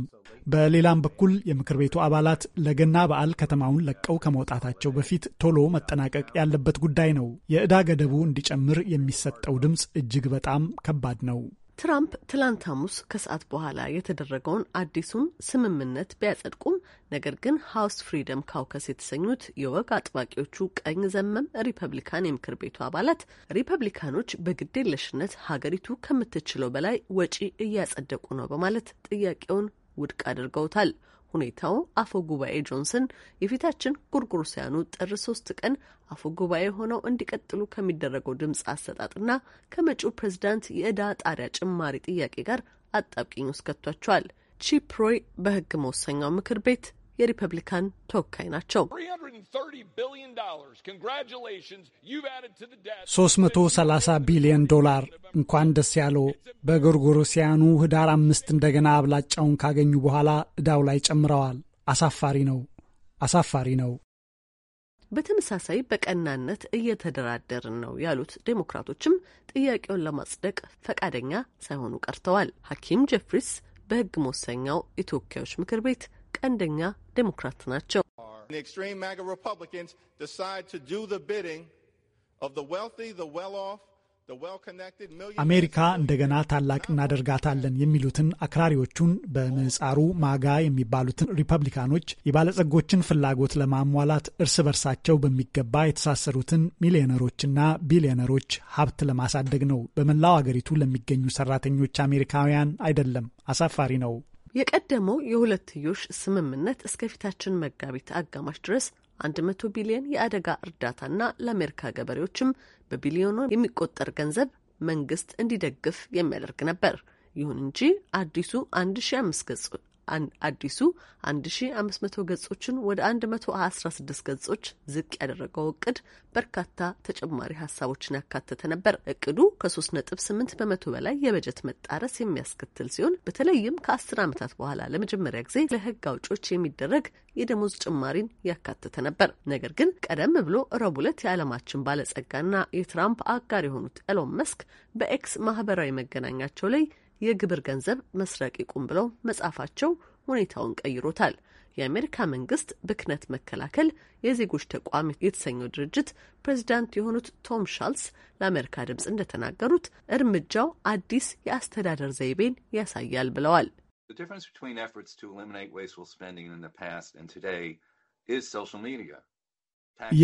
[SPEAKER 11] በሌላም በኩል የምክር ቤቱ አባላት ለገና በዓል ከተማውን ለቀው ከመውጣታቸው በፊት ቶሎ መጠናቀቅ ያለበት ጉዳይ ነው። የዕዳ ገደቡ እንዲጨምር የሚሰጠው ድምፅ እጅግ በጣም ከባድ ነው።
[SPEAKER 10] ትራምፕ ትላንት ሐሙስ ከሰዓት በኋላ የተደረገውን አዲሱን ስምምነት ቢያጸድቁም ነገር ግን ሀውስ ፍሪደም ካውከስ የተሰኙት የወግ አጥባቂዎቹ ቀኝ ዘመም ሪፐብሊካን የምክር ቤቱ አባላት ሪፐብሊካኖች በግዴለሽነት ሀገሪቱ ከምትችለው በላይ ወጪ እያጸደቁ ነው በማለት ጥያቄውን ውድቅ አድርገውታል። ሁኔታው አፈ ጉባኤ ጆንሰን የፊታችን ሲያኑ ጥር ሶስት ቀን አፈ ጉባኤ ሆነው እንዲቀጥሉ ከሚደረገው ድምፅ አሰጣጥና ከመጪው ፕሬዚዳንት የዕዳ ጣሪያ ጭማሪ ጥያቄ ጋር አጣብቂኝ ውስጥ ከቷቸዋል። ቺፕሮይ በህግ መወሰኛው ምክር ቤት የሪፐብሊካን ተወካይ ናቸው።
[SPEAKER 11] 330 ቢሊዮን ዶላር እንኳን ደስ ያለው። በጎርጎሮሲያኑ ህዳር አምስት እንደገና አብላጫውን ካገኙ በኋላ እዳው ላይ ጨምረዋል። አሳፋሪ ነው፣ አሳፋሪ ነው።
[SPEAKER 10] በተመሳሳይ በቀናነት እየተደራደርን ነው ያሉት ዴሞክራቶችም ጥያቄውን ለማጽደቅ ፈቃደኛ ሳይሆኑ ቀርተዋል። ሐኪም ጀፍሪስ በሕግ መወሰኛው የተወካዮች ምክር ቤት ቀንደኛ ዴሞክራት ናቸው።
[SPEAKER 11] አሜሪካ እንደገና ታላቅ እናደርጋታለን የሚሉትን አክራሪዎቹን በምህጻሩ ማጋ የሚባሉትን ሪፐብሊካኖች የባለጸጎችን ፍላጎት ለማሟላት እርስ በርሳቸው በሚገባ የተሳሰሩትን ሚሊዮነሮችና ቢሊዮነሮች ሀብት ለማሳደግ ነው። በመላው አገሪቱ ለሚገኙ ሰራተኞች አሜሪካውያን አይደለም። አሳፋሪ ነው።
[SPEAKER 10] የቀደመው የሁለትዮሽ ስምምነት እስከፊታችን መጋቢት አጋማሽ ድረስ አንድ መቶ ቢሊየን የአደጋ እርዳታና ለአሜሪካ ገበሬዎችም በቢሊዮኑ የሚቆጠር ገንዘብ መንግስት እንዲደግፍ የሚያደርግ ነበር። ይሁን እንጂ አዲሱ አንድ ሺ አምስት ገጽ አዲሱ 1500 ገጾችን ወደ 116 ገጾች ዝቅ ያደረገው እቅድ በርካታ ተጨማሪ ሀሳቦችን ያካተተ ነበር። እቅዱ ከ3.8 በመቶ በላይ የበጀት መጣረስ የሚያስከትል ሲሆን በተለይም ከ10 ዓመታት በኋላ ለመጀመሪያ ጊዜ ለህግ አውጮች የሚደረግ የደሞዝ ጭማሪን ያካተተ ነበር። ነገር ግን ቀደም ብሎ ረቡዕ ዕለት የዓለማችን ባለጸጋና የትራምፕ አጋር የሆኑት ኤሎን መስክ በኤክስ ማህበራዊ መገናኛቸው ላይ የግብር ገንዘብ መስረቅ ይቁም ብለው መጻፋቸው ሁኔታውን ቀይሮታል። የአሜሪካ መንግስት ብክነት መከላከል የዜጎች ተቋም የተሰኘው ድርጅት ፕሬዚዳንት የሆኑት ቶም ሻልስ ለአሜሪካ ድምፅ እንደተናገሩት እርምጃው አዲስ የአስተዳደር ዘይቤን ያሳያል ብለዋል።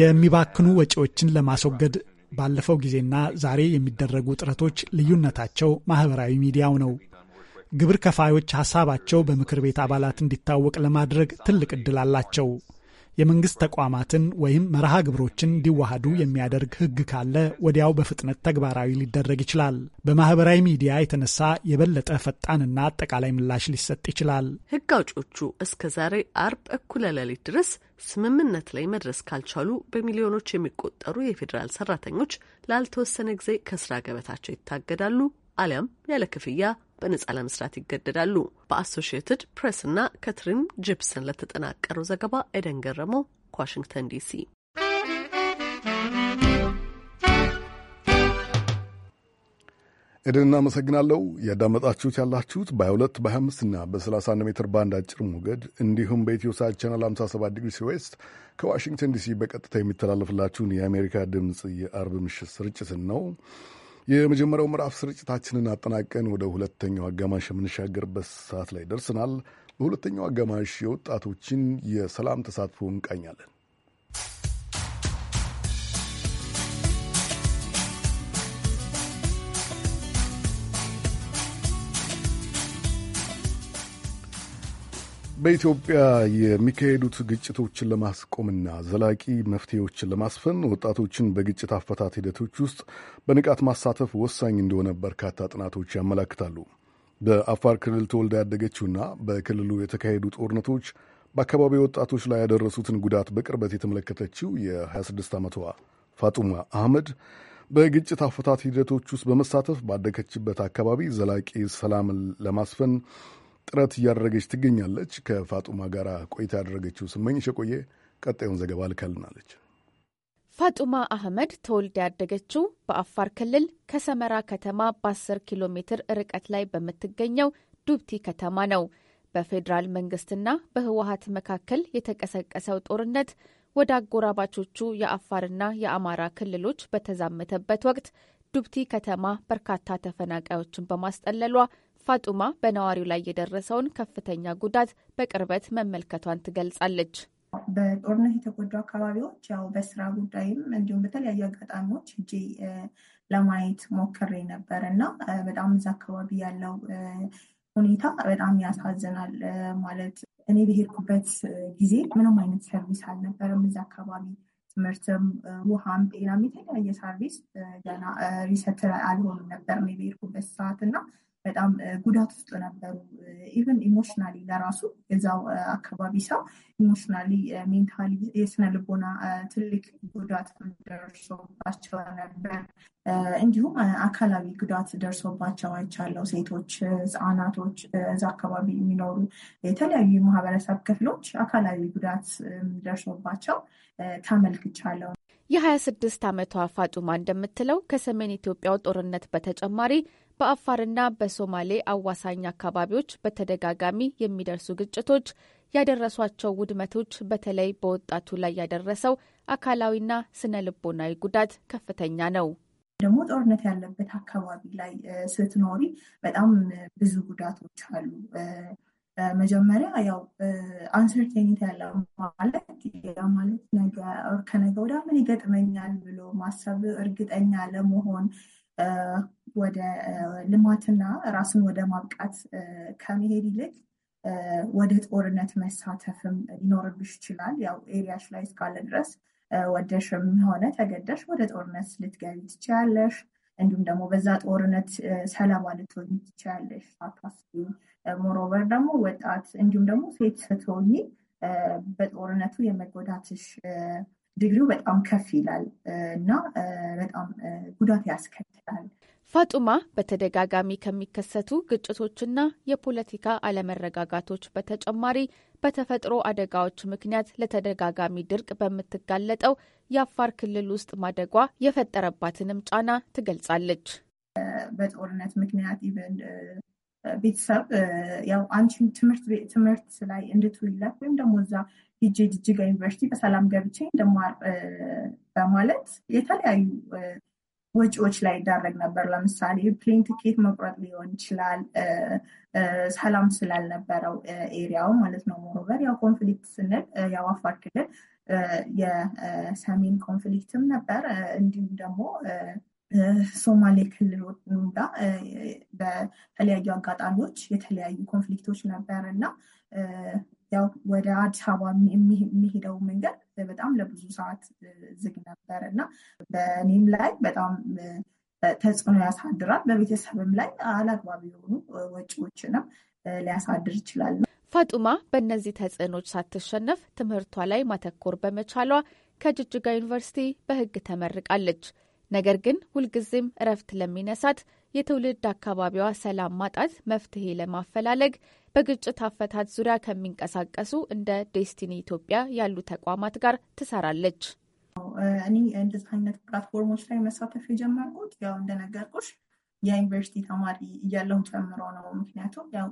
[SPEAKER 11] የሚባክኑ ወጪዎችን ለማስወገድ ባለፈው ጊዜና ዛሬ የሚደረጉ ጥረቶች ልዩነታቸው ማህበራዊ ሚዲያው ነው። ግብር ከፋዮች ሀሳባቸው በምክር ቤት አባላት እንዲታወቅ ለማድረግ ትልቅ ዕድል አላቸው። የመንግሥት ተቋማትን ወይም መርሃ ግብሮችን እንዲዋሃዱ የሚያደርግ ሕግ ካለ ወዲያው በፍጥነት ተግባራዊ ሊደረግ ይችላል። በማህበራዊ ሚዲያ የተነሳ የበለጠ ፈጣንና አጠቃላይ ምላሽ ሊሰጥ ይችላል።
[SPEAKER 10] ሕግ አውጮቹ እስከ ዛሬ አርብ እኩለ ሌሊት ድረስ ስምምነት ላይ መድረስ ካልቻሉ በሚሊዮኖች የሚቆጠሩ የፌዴራል ሰራተኞች ላልተወሰነ ጊዜ ከስራ ገበታቸው ይታገዳሉ አሊያም ያለ ክፍያ በነጻ ለመስራት ይገደዳሉ። ፕሬስ ፕሬስና ከትሪን ጂፕሰን ለተጠናቀረው ዘገባ ኤደን ገረመው ከዋሽንግተን ዲሲ
[SPEAKER 1] ኤደን እናመሰግናለሁ። ያዳመጣችሁት ያላችሁት በ22 በ25 እና በ31 ሜትር ባንድ አጭር ሞገድ እንዲሁም በኢትዮሳት ቻናል 57 ዲግሪ ሲዌስት ከዋሽንግተን ዲሲ በቀጥታ የሚተላለፍላችሁን የአሜሪካ ድምፅ የአርብ ምሽት ስርጭትን ነው። የመጀመሪያው ምዕራፍ ስርጭታችንን አጠናቀን ወደ ሁለተኛው አጋማሽ የምንሻገርበት ሰዓት ላይ ደርስናል። በሁለተኛው አጋማሽ የወጣቶችን የሰላም ተሳትፎ እንቃኛለን። በኢትዮጵያ የሚካሄዱት ግጭቶችን ለማስቆምና ዘላቂ መፍትሄዎችን ለማስፈን ወጣቶችን በግጭት አፈታት ሂደቶች ውስጥ በንቃት ማሳተፍ ወሳኝ እንደሆነ በርካታ ጥናቶች ያመላክታሉ። በአፋር ክልል ተወልዳ ያደገችውና በክልሉ የተካሄዱ ጦርነቶች በአካባቢ ወጣቶች ላይ ያደረሱትን ጉዳት በቅርበት የተመለከተችው የ26 ዓመቷ ፋጡማ አህመድ በግጭት አፈታት ሂደቶች ውስጥ በመሳተፍ ባደገችበት አካባቢ ዘላቂ ሰላምን ለማስፈን ጥረት እያደረገች ትገኛለች። ከፋጡማ ጋር ቆይታ ያደረገችው ስመኝ ሸቆየ ቀጣዩን ዘገባ ልካልናለች።
[SPEAKER 12] ፋጡማ አህመድ ተወልዳ ያደገችው በአፋር ክልል ከሰመራ ከተማ በ10 ኪሎ ሜትር ርቀት ላይ በምትገኘው ዱብቲ ከተማ ነው። በፌዴራል መንግስትና በህወሀት መካከል የተቀሰቀሰው ጦርነት ወደ አጎራባቾቹ የአፋርና የአማራ ክልሎች በተዛመተበት ወቅት ዱብቲ ከተማ በርካታ ተፈናቃዮችን በማስጠለሏ ፋጡማ በነዋሪው ላይ የደረሰውን ከፍተኛ ጉዳት በቅርበት መመልከቷን ትገልጻለች።
[SPEAKER 13] በጦርነት የተጎዱ አካባቢዎች ያው በስራ ጉዳይም እንዲሁም በተለያዩ አጋጣሚዎች እጅ ለማየት ሞክሬ ነበር እና በጣም እዛ አካባቢ ያለው ሁኔታ በጣም ያሳዝናል። ማለት እኔ በሄድኩበት ጊዜ ምንም አይነት ሰርቪስ አልነበረም እዛ አካባቢ ትምህርትም፣ ውሃም፣ ጤናም የተለያየ ሰርቪስ ገና ሪሰርች አልሆኑም ነበር እኔ በሄድኩበት ሰዓት እና በጣም ጉዳት ውስጥ ነበሩ። ኢቨን ኢሞሽናሊ ለራሱ የዛው አካባቢ ሰው ኢሞሽናሊ፣ ሜንታሊ የስነ ልቦና ትልቅ ጉዳት ደርሶባቸው ነበር። እንዲሁም አካላዊ ጉዳት ደርሶባቸው አይቻለው። ሴቶች፣ ህጻናቶች፣ እዛ አካባቢ የሚኖሩ የተለያዩ የማህበረሰብ ክፍሎች አካላዊ ጉዳት ደርሶባቸው ተመልክቻለው።
[SPEAKER 12] የሀያ ስድስት ዓመቷ ፋጡማ እንደምትለው ከሰሜን ኢትዮጵያው ጦርነት በተጨማሪ በአፋርና በሶማሌ አዋሳኝ አካባቢዎች በተደጋጋሚ የሚደርሱ ግጭቶች ያደረሷቸው ውድመቶች በተለይ በወጣቱ ላይ ያደረሰው አካላዊና ስነ ልቦናዊ ጉዳት ከፍተኛ ነው።
[SPEAKER 13] ደግሞ ጦርነት ያለበት አካባቢ ላይ ስትኖሪ በጣም ብዙ ጉዳቶች አሉ። መጀመሪያ ያው አንሰርቴኒት ያለው ማለት ማለት ከነገ ወዲያ ምን ይገጥመኛል ብሎ ማሰብ፣ እርግጠኛ ለመሆን ወደ ልማትና ራስን ወደ ማብቃት ከመሄድ ይልቅ ወደ ጦርነት መሳተፍም ሊኖርብሽ ይችላል። ያው ኤሪያሽ ላይ እስካለ ድረስ ወደሽም ሆነ ተገደሽ ወደ ጦርነት ልትገቢ ትችያለሽ። እንዲሁም ደግሞ በዛ ጦርነት ሰለባ ልትሆኝ ትችያለሽ ሳታስቢ። ሞሮቨር ደግሞ ወጣት እንዲሁም ደግሞ ሴት ስትሆኚ በጦርነቱ የመጎዳትሽ ድግሪው በጣም ከፍ ይላል እና በጣም ጉዳት ያስከትላል።
[SPEAKER 12] ፋጡማ በተደጋጋሚ ከሚከሰቱ ግጭቶችና የፖለቲካ አለመረጋጋቶች በተጨማሪ በተፈጥሮ አደጋዎች ምክንያት ለተደጋጋሚ ድርቅ በምትጋለጠው የአፋር ክልል ውስጥ ማደጓ የፈጠረባትንም ጫና ትገልጻለች።
[SPEAKER 13] በጦርነት ምክንያት ኢቨን ቤተሰብ ያው አንቺን ትምህርት ትምህርት ላይ እንድትውላት ወይም ደግሞ እዛ ሄጄ ጅጅጋ ዩኒቨርሲቲ በሰላም ገብቼ እንደማር በማለት የተለያዩ ወጪዎች ላይ ይዳረግ ነበር። ለምሳሌ ፕሌን ትኬት መቁረጥ ሊሆን ይችላል። ሰላም ስላልነበረው ኤሪያው ማለት ነው። ሞሮቨር ያው ኮንፍሊክት ስንል ያው አፋር ክልል የሰሜን ኮንፍሊክትም ነበር እንዲሁም ደግሞ ሶማሌ ክልል ጋር በተለያዩ አጋጣሚዎች የተለያዩ ኮንፍሊክቶች ነበር እና ያው ወደ አዲስ አበባ የሚሄደው መንገድ በጣም ለብዙ ሰዓት ዝግ ነበር እና በእኔም ላይ በጣም ተጽዕኖ ያሳድራል።
[SPEAKER 12] በቤተሰብም ላይ አላግባብ የሆኑ ወጪዎችንም ሊያሳድር ይችላል። ፋጡማ በእነዚህ ተጽዕኖች ሳትሸነፍ ትምህርቷ ላይ ማተኮር በመቻሏ ከጅጅጋ ዩኒቨርሲቲ በሕግ ተመርቃለች። ነገር ግን ሁልጊዜም እረፍት ለሚነሳት የትውልድ አካባቢዋ ሰላም ማጣት መፍትሄ ለማፈላለግ በግጭት አፈታት ዙሪያ ከሚንቀሳቀሱ እንደ ዴስቲኒ ኢትዮጵያ ያሉ ተቋማት ጋር ትሰራለች።
[SPEAKER 13] እኔ እንደዚህ አይነት ፕላትፎርሞች ላይ መሳተፍ የጀመርኩት ያው እንደነገርኩሽ የዩኒቨርሲቲ ተማሪ እያለሁ ጨምሮ ነው። ምክንያቱም ያው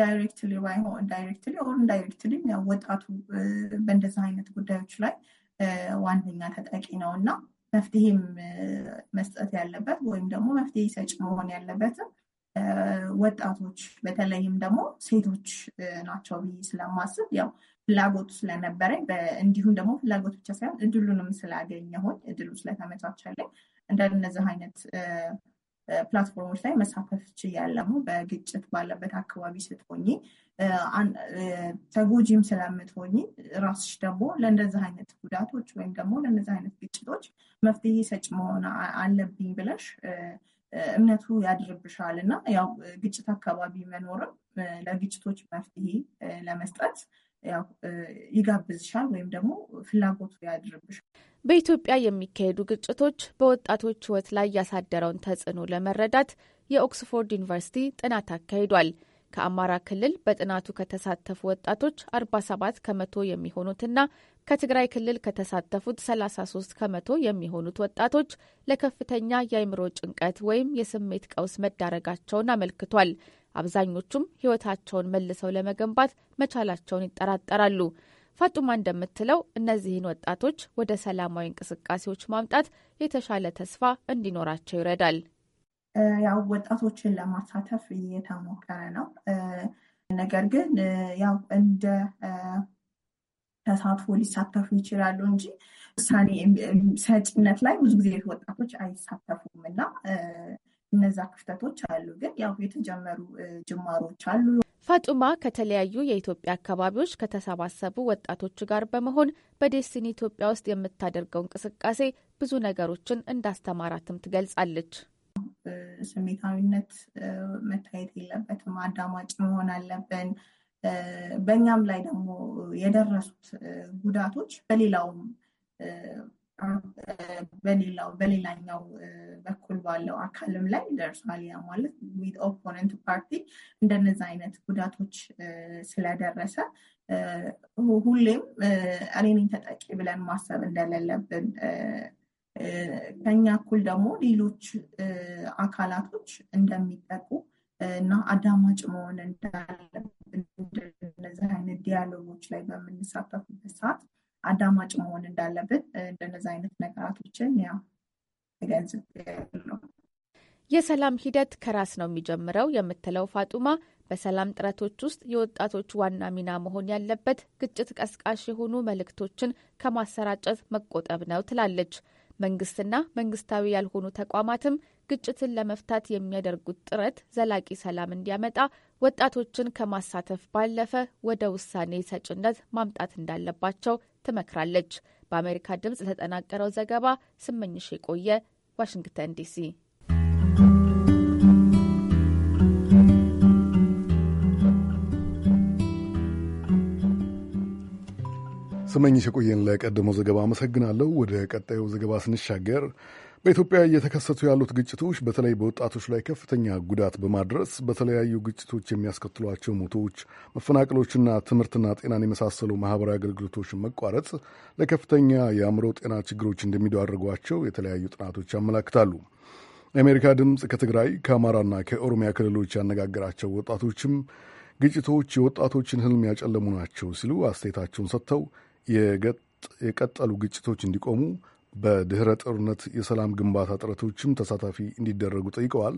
[SPEAKER 13] ዳይሬክትሊ ባይሆን ዳይሬክትሊ ኦር ኢንዳይሬክትሊ ያው ወጣቱ በእንደዚህ አይነት ጉዳዮች ላይ ዋነኛ ተጠቂ ነው እና መፍትሄም መስጠት ያለበት ወይም ደግሞ መፍትሄ ሰጭ መሆን ያለበትም ወጣቶች በተለይም ደግሞ ሴቶች ናቸው ብዬ ስለማስብ ያው ፍላጎቱ ስለነበረኝ እንዲሁም ደግሞ ፍላጎት ብቻ ሳይሆን እድሉንም ስላገኘሁኝ እድሉ ስለተመቻቸልኝ እንደነዚህ አይነት ፕላትፎርሞች ላይ መሳተፍ ችያለሁ። በግጭት ባለበት አካባቢ ስትሆኝ ተጎጂም ስለምትሆኝ ራስሽ ደግሞ ለእንደዚህ አይነት ጉዳቶች ወይም ደግሞ ለእንደዚህ አይነት ግጭቶች መፍትሄ ሰጭ መሆን አለብኝ ብለሽ እምነቱ ያድርብሻል እና ያው ግጭት አካባቢ መኖርም ለግጭቶች መፍትሄ ለመስጠት ይጋብዝሻል ወይም ደግሞ ፍላጎቱ
[SPEAKER 12] ያድርብሻል። በኢትዮጵያ የሚካሄዱ ግጭቶች በወጣቶች ሕይወት ላይ ያሳደረውን ተጽዕኖ ለመረዳት የኦክስፎርድ ዩኒቨርሲቲ ጥናት አካሂዷል። ከአማራ ክልል በጥናቱ ከተሳተፉ ወጣቶች 47 ከመቶ የሚሆኑትና ከትግራይ ክልል ከተሳተፉት 33 ከመቶ የሚሆኑት ወጣቶች ለከፍተኛ የአእምሮ ጭንቀት ወይም የስሜት ቀውስ መዳረጋቸውን አመልክቷል። አብዛኞቹም ህይወታቸውን መልሰው ለመገንባት መቻላቸውን ይጠራጠራሉ። ፋጡማ እንደምትለው እነዚህን ወጣቶች ወደ ሰላማዊ እንቅስቃሴዎች ማምጣት የተሻለ ተስፋ እንዲኖራቸው ይረዳል።
[SPEAKER 13] ያው ወጣቶችን ለማሳተፍ እየተሞከረ ነው። ነገር ግን ያው እንደ ተሳትፎ ሊሳተፉ ይችላሉ እንጂ ውሳኔ ሰጪነት ላይ ብዙ ጊዜ ወጣቶች አይሳተፉም እና እነዛ ክፍተቶች አሉ። ግን ያው የተጀመሩ ጅማሮች
[SPEAKER 12] አሉ። ፋጡማ ከተለያዩ የኢትዮጵያ አካባቢዎች ከተሰባሰቡ ወጣቶች ጋር በመሆን በዴስቲኒ ኢትዮጵያ ውስጥ የምታደርገው እንቅስቃሴ ብዙ ነገሮችን እንዳስተማራትም ትገልጻለች።
[SPEAKER 13] ስሜታዊነት መታየት የለበትም፣ አዳማጭ መሆን አለብን። በእኛም ላይ ደግሞ የደረሱት ጉዳቶች በሌላውም በሌላው በሌላኛው በኩል ባለው አካልም ላይ ደርሷል። ያ ማለት ዊት ኦፖነንት ፓርቲ እንደነዛ አይነት ጉዳቶች ስለደረሰ ሁሌም እኔን ተጠቂ ብለን ማሰብ እንደሌለብን ከኛ እኩል ደግሞ ሌሎች አካላቶች እንደሚጠቁ እና አዳማጭ መሆን እንዳለብን እንደነዚህ አይነት ዲያሎጎች ላይ በምንሳተፉበት ሰዓት አዳማጭ መሆን እንዳለብን እንደነዚ አይነት ነገራቶችን ያው ተገንዝብ ነው።
[SPEAKER 12] የሰላም ሂደት ከራስ ነው የሚጀምረው የምትለው ፋጡማ በሰላም ጥረቶች ውስጥ የወጣቶች ዋና ሚና መሆን ያለበት ግጭት ቀስቃሽ የሆኑ መልእክቶችን ከማሰራጨት መቆጠብ ነው ትላለች። መንግስትና መንግስታዊ ያልሆኑ ተቋማትም ግጭትን ለመፍታት የሚያደርጉት ጥረት ዘላቂ ሰላም እንዲያመጣ ወጣቶችን ከማሳተፍ ባለፈ ወደ ውሳኔ ሰጭነት ማምጣት እንዳለባቸው ትመክራለች። በአሜሪካ ድምፅ ለተጠናቀረው ዘገባ ስመኝሽ የቆየ ዋሽንግተን ዲሲ።
[SPEAKER 1] ስመኝሽ የቆየን ለቀደመው ዘገባ አመሰግናለሁ። ወደ ቀጣዩ ዘገባ ስንሻገር በኢትዮጵያ እየተከሰቱ ያሉት ግጭቶች በተለይ በወጣቶች ላይ ከፍተኛ ጉዳት በማድረስ በተለያዩ ግጭቶች የሚያስከትሏቸው ሞቶች፣ መፈናቀሎችና ትምህርትና ጤናን የመሳሰሉ ማህበራዊ አገልግሎቶችን መቋረጥ ለከፍተኛ የአእምሮ ጤና ችግሮች እንደሚዳርጓቸው የተለያዩ ጥናቶች ያመላክታሉ። የአሜሪካ ድምፅ ከትግራይ ከአማራና ከኦሮሚያ ክልሎች ያነጋገራቸው ወጣቶችም ግጭቶች የወጣቶችን ህልም ያጨለሙ ናቸው ሲሉ አስተያየታቸውን ሰጥተው የቀጠሉ ግጭቶች እንዲቆሙ በድኅረ ጦርነት የሰላም ግንባታ ጥረቶችም ተሳታፊ እንዲደረጉ ጠይቀዋል።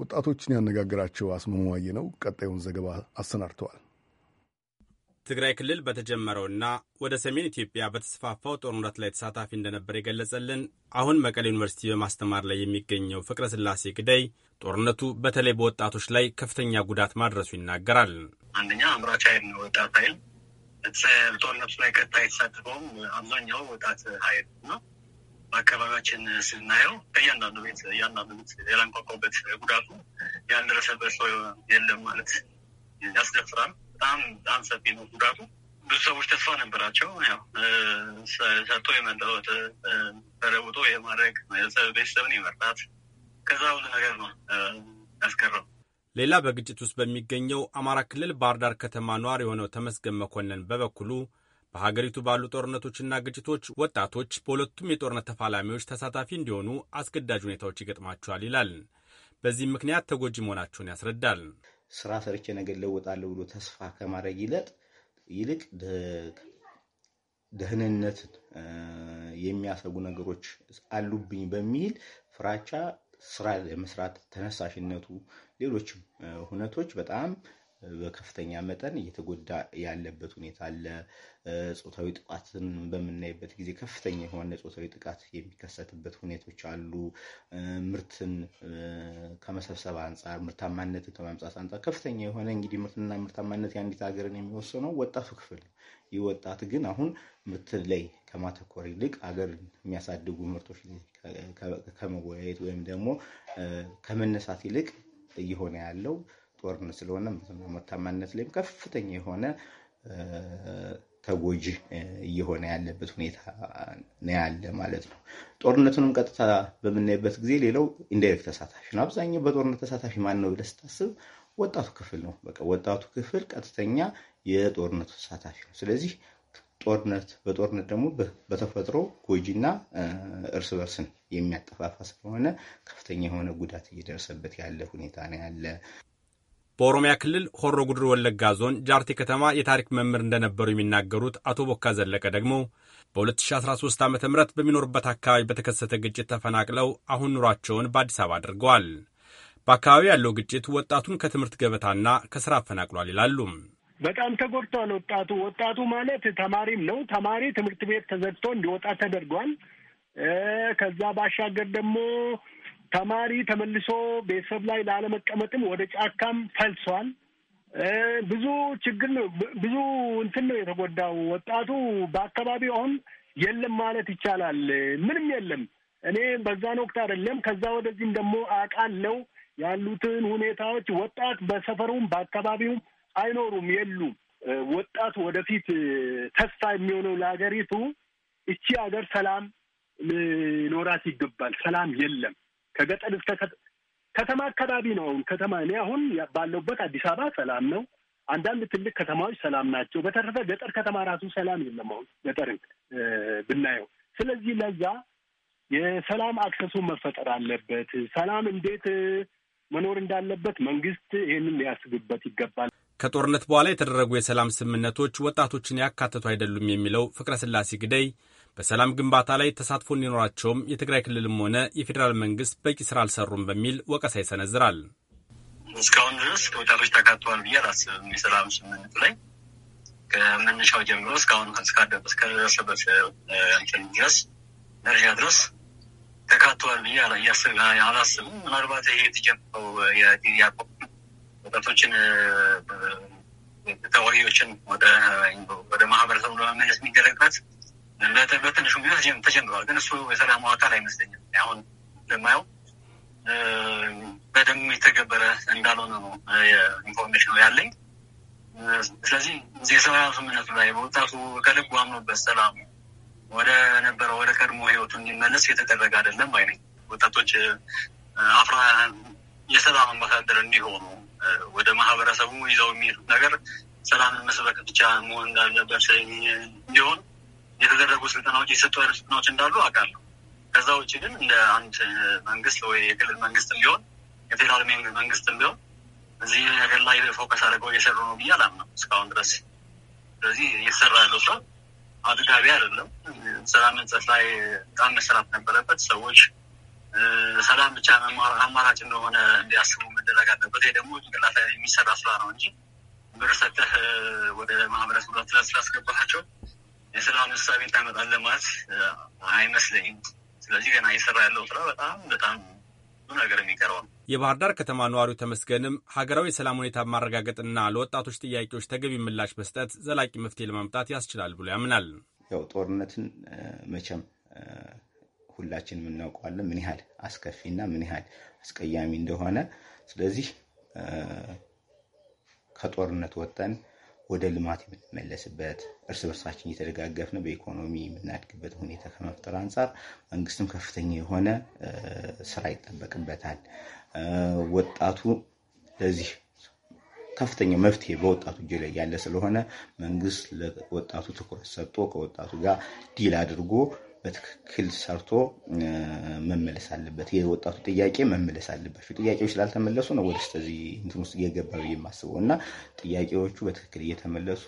[SPEAKER 1] ወጣቶችን ያነጋገራቸው አስመሟየ ነው። ቀጣዩን ዘገባ አሰናድተዋል።
[SPEAKER 9] ትግራይ ክልል በተጀመረውና ወደ ሰሜን ኢትዮጵያ በተስፋፋው ጦርነት ላይ ተሳታፊ እንደነበር የገለጸልን አሁን መቀሌ ዩኒቨርሲቲ በማስተማር ላይ የሚገኘው ፍቅረ ስላሴ ግዳይ ጦርነቱ በተለይ በወጣቶች ላይ ከፍተኛ ጉዳት ማድረሱ ይናገራል።
[SPEAKER 2] አንደኛ አምራች ኃይል ወጣት ኃይል ጦርነቱ ላይ ቀጥታ የተሳተፈውም አብዛኛው ወጣት ኃይል ነው። በአካባቢያችን ስናየው እያንዳንዱ ቤት እያንዳንዱ ቤት ያላንቋቋበት ጉዳቱ ያልደረሰበት ሰው የለም ማለት ያስደፍራል። በጣም በጣም ሰፊ ነው ጉዳቱ። ብዙ ሰዎች ተስፋ ነበራቸው። ያው ሰጥቶ የመለወጥ ተለውጦ የማድረግ ቤተሰብን የመርዳት ከዛ ሁሉ ነገር ነው ያስቀረው።
[SPEAKER 9] ሌላ በግጭት ውስጥ በሚገኘው አማራ ክልል ባህር ዳር ከተማ ነዋሪ የሆነው ተመስገን መኮንን በበኩሉ በሀገሪቱ ባሉ ጦርነቶችና ግጭቶች ወጣቶች በሁለቱም የጦርነት ተፋላሚዎች ተሳታፊ እንዲሆኑ አስገዳጅ ሁኔታዎች ይገጥማቸዋል ይላል። በዚህም ምክንያት ተጎጂ መሆናቸውን ያስረዳል።
[SPEAKER 14] ስራ ሰርቼ ነገር ለወጣለሁ ብሎ ተስፋ ከማድረግ ይለጥ ይልቅ ደህንነትን የሚያሰጉ ነገሮች አሉብኝ በሚል ፍራቻ ስራ ለመስራት ተነሳሽነቱ፣ ሌሎችም ሁነቶች በጣም በከፍተኛ መጠን እየተጎዳ ያለበት ሁኔታ አለ። ጾታዊ ጥቃትን በምናይበት ጊዜ ከፍተኛ የሆነ ጾታዊ ጥቃት የሚከሰትበት ሁኔቶች አሉ። ምርትን ከመሰብሰብ አንጻር፣ ምርታማነትን ከማምጻት አንጻር ከፍተኛ የሆነ እንግዲህ ምርትና ምርታማነት የአንዲት ሀገርን የሚወስነው ወጣቱ ክፍል ነው። ይህ ወጣት ግን አሁን ምርት ላይ ከማተኮር ይልቅ ሀገርን የሚያሳድጉ ምርቶች ከመወያየት ወይም ደግሞ ከመነሳት ይልቅ እየሆነ ያለው ጦርነት ስለሆነ ምርታማነት ላይም ከፍተኛ የሆነ ተጎጂ እየሆነ ያለበት ሁኔታ ነው ያለ ማለት ነው። ጦርነቱንም ቀጥታ በምናይበት ጊዜ ሌላው ኢንዳይሬክት ተሳታፊ ነው። አብዛኛው በጦርነት ተሳታፊ ማን ነው ብለህ ስታስብ ወጣቱ ክፍል ነው። በቃ ወጣቱ ክፍል ቀጥተኛ የጦርነቱ ተሳታፊ ነው። ስለዚህ ጦርነት በጦርነት ደግሞ በተፈጥሮ ጎጂና እርስ በርስን የሚያጠፋፋ ስለሆነ ከፍተኛ የሆነ ጉዳት እየደረሰበት ያለ ሁኔታ ነው ያለ
[SPEAKER 9] በኦሮሚያ ክልል ሆሮ ጉድር ወለጋ ዞን ጃርቴ ከተማ የታሪክ መምህር እንደነበሩ የሚናገሩት አቶ ቦካ ዘለቀ ደግሞ በ2013 ዓ ም በሚኖሩበት አካባቢ በተከሰተ ግጭት ተፈናቅለው አሁን ኑሯቸውን በአዲስ አበባ አድርገዋል። በአካባቢው ያለው ግጭት ወጣቱን ከትምህርት ገበታና ከስራ አፈናቅሏል ይላሉ።
[SPEAKER 15] በጣም ተጎድቷል ወጣቱ። ወጣቱ ማለት ተማሪም ነው። ተማሪ ትምህርት ቤት ተዘግቶ እንዲወጣ ተደርጓል። ከዛ ባሻገር ደግሞ ተማሪ ተመልሶ ቤተሰብ ላይ ላለመቀመጥም ወደ ጫካም ፈልሷል። ብዙ ችግር ነው። ብዙ እንትን ነው የተጎዳው ወጣቱ። በአካባቢው አሁን የለም ማለት ይቻላል፣ ምንም የለም። እኔ በዛን ወቅት አይደለም ከዛ ወደዚህም ደግሞ አውቃለሁ ያሉትን ሁኔታዎች። ወጣት በሰፈሩም በአካባቢውም አይኖሩም፣ የሉም። ወጣቱ ወደፊት ተስፋ የሚሆነው ለሀገሪቱ፣ እቺ ሀገር ሰላም ሊኖራት ይገባል። ሰላም የለም። ከገጠር እስከ ከተማ አካባቢ ነው። አሁን ከተማ እኔ አሁን ባለውበት አዲስ አበባ ሰላም ነው። አንዳንድ ትልቅ ከተማዎች ሰላም ናቸው። በተረፈ ገጠር ከተማ ራሱ ሰላም የለም። አሁን ገጠርን ብናየው፣ ስለዚህ ለዛ የሰላም አክሰሱ መፈጠር አለበት። ሰላም እንዴት መኖር እንዳለበት መንግስት ይህንን ሊያስብበት ይገባል።
[SPEAKER 9] ከጦርነት በኋላ የተደረጉ የሰላም ስምምነቶች ወጣቶችን ያካተቱ አይደሉም የሚለው ፍቅረ ስላሴ ግደይ በሰላም ግንባታ ላይ ተሳትፎ እንዲኖራቸውም የትግራይ ክልልም ሆነ የፌዴራል መንግስት በቂ ስራ አልሰሩም በሚል ወቀሳ ይሰነዝራል።
[SPEAKER 2] እስካሁን ድረስ ወጣቶች ተካተዋል ብዬ አላስብም። የሰላም ስምምነቱ ላይ ከመነሻው ጀምሮ እስካሁን እስከደረሰበት እንትን ድረስ ደረጃ ድረስ ተካተዋል ብዬ አላስብም። ምናልባት ይሄ የተጀመረው የያቆ ወጣቶችን ተወሪዎችን ወደ ማህበረሰቡ ለመመለስ የሚደረግበት በትንሹ ጊዜ ተጀምሯል። ግን እሱ የሰላሙ አካል አይመስለኝም። አሁን እንደማየው በደንብ የተገበረ እንዳልሆነ ነው የኢንፎርሜሽን ያለኝ። ስለዚህ የሰላም ስምምነቱ ላይ በወጣቱ ከልቡ አምኖበት ሰላሙ ወደ ነበረው ወደ ቀድሞ ህይወቱ እንዲመለስ የተደረገ አይደለም አይነኝ ወጣቶች አፍራ የሰላም አምባሳደር እንዲሆኑ ወደ ማህበረሰቡ ይዘው የሚሄዱት ነገር ሰላምን መስበክ ብቻ መሆን እንዳለበት እንዲሆን የተደረጉ ስልጠናዎች የሰጡ ስልጠናዎች እንዳሉ አውቃለሁ። ከዛ ውጭ ግን እንደ አንድ መንግስት ወይ የክልል መንግስት ቢሆን የፌዴራል መንግስት ቢሆን እዚህ ነገር ላይ ፎከስ አድርገው እየሰሩ ነው ብዬ አላምነው እስካሁን ድረስ። ስለዚህ እየተሰራ ያለው ስራ አጥጋቢ አይደለም። ሰላም ንጸት ላይ በጣም መሰራት ነበረበት። ሰዎች ሰላም ብቻ አማራጭ እንደሆነ እንዲያስቡ መደረግ አለበት። ይህ ደግሞ ጭንቅላት ላይ የሚሰራ ስራ ነው እንጂ ብር ሰጥተህ ወደ ማህበረሰብ ስላስገባቸው የስራውን እሳቤ ታመጣለህ ማለት አይመስለኝም። ስለዚህ ገና እየሰራ ያለው ስራ በጣም በጣም ብዙ ነገር የሚቀረው ነው።
[SPEAKER 9] የባህር ዳር ከተማ ነዋሪው ተመስገንም ሀገራዊ የሰላም ሁኔታ ማረጋገጥና ለወጣቶች ጥያቄዎች ተገቢ ምላሽ መስጠት ዘላቂ መፍትሄ ለማምጣት ያስችላል ብሎ ያምናል።
[SPEAKER 14] ያው ጦርነትን መቼም ሁላችን የምናውቀዋለን ምን ያህል አስከፊና ምን ያህል አስቀያሚ እንደሆነ። ስለዚህ ከጦርነት ወጠን ወደ ልማት የምንመለስበት እርስ በርሳችን እየተደጋገፍን በኢኮኖሚ የምናድግበት ሁኔታ ከመፍጠር አንጻር መንግስትም ከፍተኛ የሆነ ስራ ይጠበቅበታል። ወጣቱ ለዚህ ከፍተኛ መፍትሄ በወጣቱ እጅ ላይ ያለ ስለሆነ መንግስት ለወጣቱ ትኩረት ሰጥቶ ከወጣቱ ጋር ዲል አድርጎ በትክክል ሰርቶ መመለስ አለበት። የወጣቱ ጥያቄ መመለስ አለባቸው። ጥያቄዎች ስላልተመለሱ ነው ወደ ስተዚህ እንትን ውስጥ እየገባ ብዬ የማስበው እና ጥያቄዎቹ በትክክል እየተመለሱ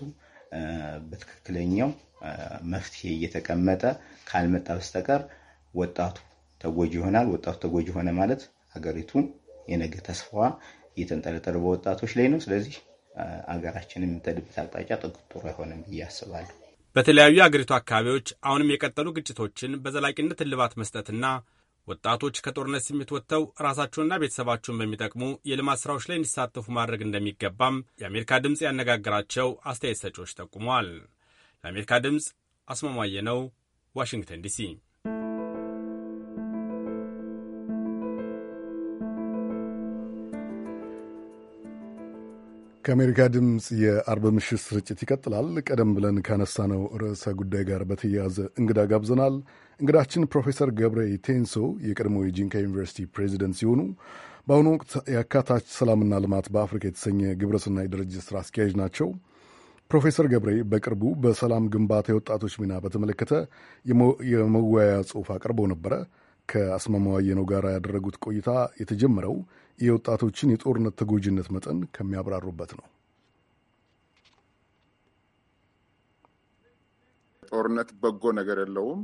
[SPEAKER 14] በትክክለኛው መፍትሄ እየተቀመጠ ካልመጣ በስተቀር ወጣቱ ተጎጂ ይሆናል። ወጣቱ ተጎጂ ሆነ ማለት ሀገሪቱ የነገ ተስፋዋ እየተንጠለጠለ በወጣቶች ላይ ነው። ስለዚህ አገራችንም የምትሄድበት አቅጣጫ ጥሩ አይሆንም ብዬ አስባለሁ።
[SPEAKER 9] በተለያዩ የአገሪቱ አካባቢዎች አሁንም የቀጠሉ ግጭቶችን በዘላቂነት እልባት መስጠትና ወጣቶች ከጦርነት ስሜት ወጥተው ራሳቸውንና ቤተሰባቸውን በሚጠቅሙ የልማት ስራዎች ላይ እንዲሳተፉ ማድረግ እንደሚገባም የአሜሪካ ድምፅ ያነጋገራቸው አስተያየት ሰጪዎች ጠቁመዋል። ለአሜሪካ ድምፅ አስማማየ ነው፣ ዋሽንግተን ዲሲ
[SPEAKER 1] ከአሜሪካ ድምፅ የአርብ ምሽት ስርጭት ይቀጥላል። ቀደም ብለን ካነሳነው ርዕሰ ጉዳይ ጋር በተያያዘ እንግዳ ጋብዘናል። እንግዳችን ፕሮፌሰር ገብረ ቴንሶ የቀድሞ የጂንካ ዩኒቨርሲቲ ፕሬዚደንት ሲሆኑ በአሁኑ ወቅት የአካታች ሰላምና ልማት በአፍሪካ የተሰኘ ግብረሰናይ ድርጅት ስራ አስኪያጅ ናቸው። ፕሮፌሰር ገብሬ በቅርቡ በሰላም ግንባታ የወጣቶች ሚና በተመለከተ የመወያያ ጽሑፍ አቅርበው ነበረ። ከአስማማው አየነው ጋር ያደረጉት ቆይታ የተጀመረው የወጣቶችን የጦርነት ተጎጂነት መጠን ከሚያብራሩበት ነው።
[SPEAKER 16] ጦርነት በጎ ነገር የለውም።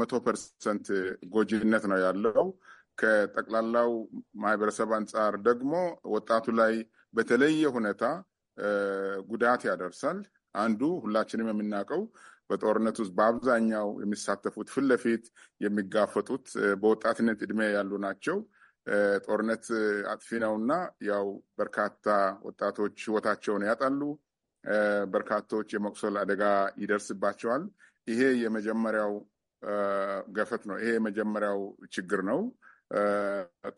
[SPEAKER 16] መቶ ፐርሰንት ጎጂነት ነው ያለው። ከጠቅላላው ማህበረሰብ አንጻር ደግሞ ወጣቱ ላይ በተለየ ሁኔታ ጉዳት ያደርሳል። አንዱ ሁላችንም የምናውቀው በጦርነት ውስጥ በአብዛኛው የሚሳተፉት ፊት ለፊት የሚጋፈጡት በወጣትነት እድሜ ያሉ ናቸው። ጦርነት አጥፊ ነውና ያው በርካታ ወጣቶች ህይወታቸውን ያጣሉ። በርካቶች የመቁሰል አደጋ ይደርስባቸዋል። ይሄ የመጀመሪያው ገፈት ነው። ይሄ የመጀመሪያው ችግር ነው።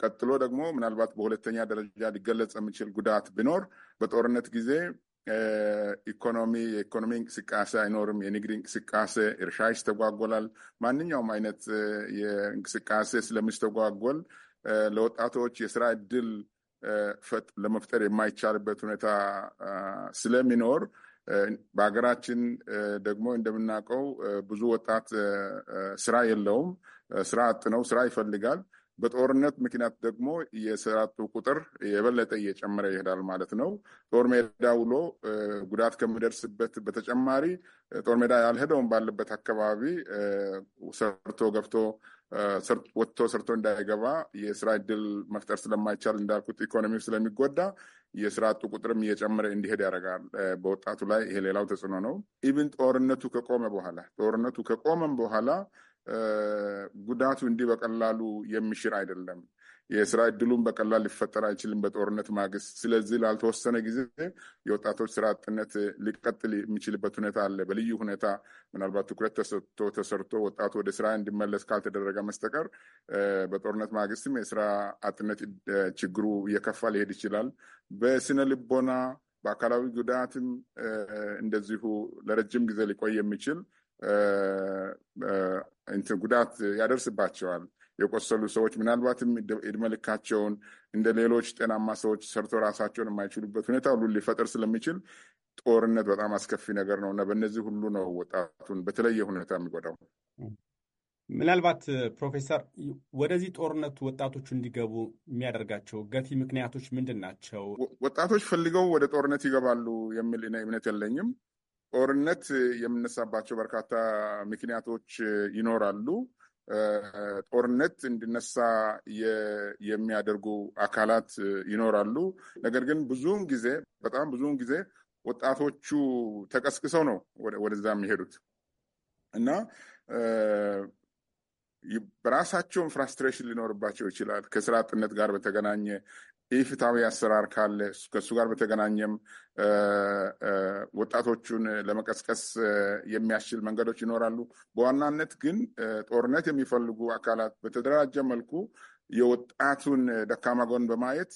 [SPEAKER 16] ቀጥሎ ደግሞ ምናልባት በሁለተኛ ደረጃ ሊገለጽ የሚችል ጉዳት ቢኖር በጦርነት ጊዜ ኢኮኖሚ eh, የኢኮኖሚ እንቅስቃሴ አይኖርም። የንግድ እንቅስቃሴ፣ እርሻ ይስተጓጎላል። ማንኛውም አይነት eh, የእንቅስቃሴ ስለሚስተጓጎል eh, ለወጣቶች የስራ እድል ለመፍጠር የማይቻልበት ሁኔታ ስለሚኖር በሀገራችን ደግሞ እንደምናውቀው ብዙ ወጣት ስራ የለውም፣ ስራ አጥ ነው፣ ስራ ይፈልጋል። በጦርነት ምክንያት ደግሞ የስራቱ ቁጥር የበለጠ እየጨመረ ይሄዳል ማለት ነው። ጦር ሜዳ ውሎ ጉዳት ከሚደርስበት በተጨማሪ ጦር ሜዳ ያልሄደውን ባለበት አካባቢ ሰርቶ ገብቶ ወጥቶ ሰርቶ እንዳይገባ የስራ እድል መፍጠር ስለማይቻል እንዳልኩት ኢኮኖሚው ስለሚጎዳ የስራ አጡ ቁጥርም እየጨመረ እንዲሄድ ያደርጋል በወጣቱ ላይ። ይሄ ሌላው ተጽዕኖ ነው። ኢብን ጦርነቱ ከቆመ በኋላ ጦርነቱ ከቆመም በኋላ ጉዳቱ እንዲህ በቀላሉ የሚሽር አይደለም። የስራ እድሉን በቀላል ሊፈጠር አይችልም በጦርነት ማግስት። ስለዚህ ላልተወሰነ ጊዜ የወጣቶች ስራ አጥነት ሊቀጥል የሚችልበት ሁኔታ አለ። በልዩ ሁኔታ ምናልባት ትኩረት ተሰጥቶ ተሰርቶ ወጣቱ ወደ ስራ እንዲመለስ ካልተደረገ መስተቀር በጦርነት ማግስትም የስራ አጥነት ችግሩ እየከፋ ሊሄድ ይችላል። በስነ ልቦና፣ በአካላዊ ጉዳትም እንደዚሁ ለረጅም ጊዜ ሊቆይ የሚችል ጉዳት ያደርስባቸዋል። የቆሰሉ ሰዎች ምናልባትም እድሜ ልካቸውን እንደ ሌሎች ጤናማ ሰዎች ሰርቶ ራሳቸውን የማይችሉበት ሁኔታ ሁሉ ሊፈጠር ስለሚችል ጦርነት በጣም አስከፊ ነገር ነው እና በእነዚህ ሁሉ ነው ወጣቱን በተለየ ሁኔታ የሚጎዳው።
[SPEAKER 9] ምናልባት ፕሮፌሰር ወደዚህ ጦርነቱ ወጣቶቹ እንዲገቡ የሚያደርጋቸው ገፊ ምክንያቶች ምንድን ናቸው?
[SPEAKER 16] ወጣቶች ፈልገው ወደ ጦርነት ይገባሉ የሚል እምነት የለኝም። ጦርነት የምነሳባቸው በርካታ ምክንያቶች ይኖራሉ። ጦርነት እንዲነሳ የሚያደርጉ አካላት ይኖራሉ። ነገር ግን ብዙውን ጊዜ በጣም ብዙውን ጊዜ ወጣቶቹ ተቀስቅሰው ነው ወደዛ የሚሄዱት እና በራሳቸውን ፍራስትሬሽን ሊኖርባቸው ይችላል። ከስራ አጥነት ጋር በተገናኘ ኢፍትሐዊ አሰራር ካለ ከእሱ ጋር በተገናኘም ወጣቶቹን ለመቀስቀስ የሚያስችል መንገዶች ይኖራሉ። በዋናነት ግን ጦርነት የሚፈልጉ አካላት በተደራጀ መልኩ የወጣቱን ደካማ ጎን በማየት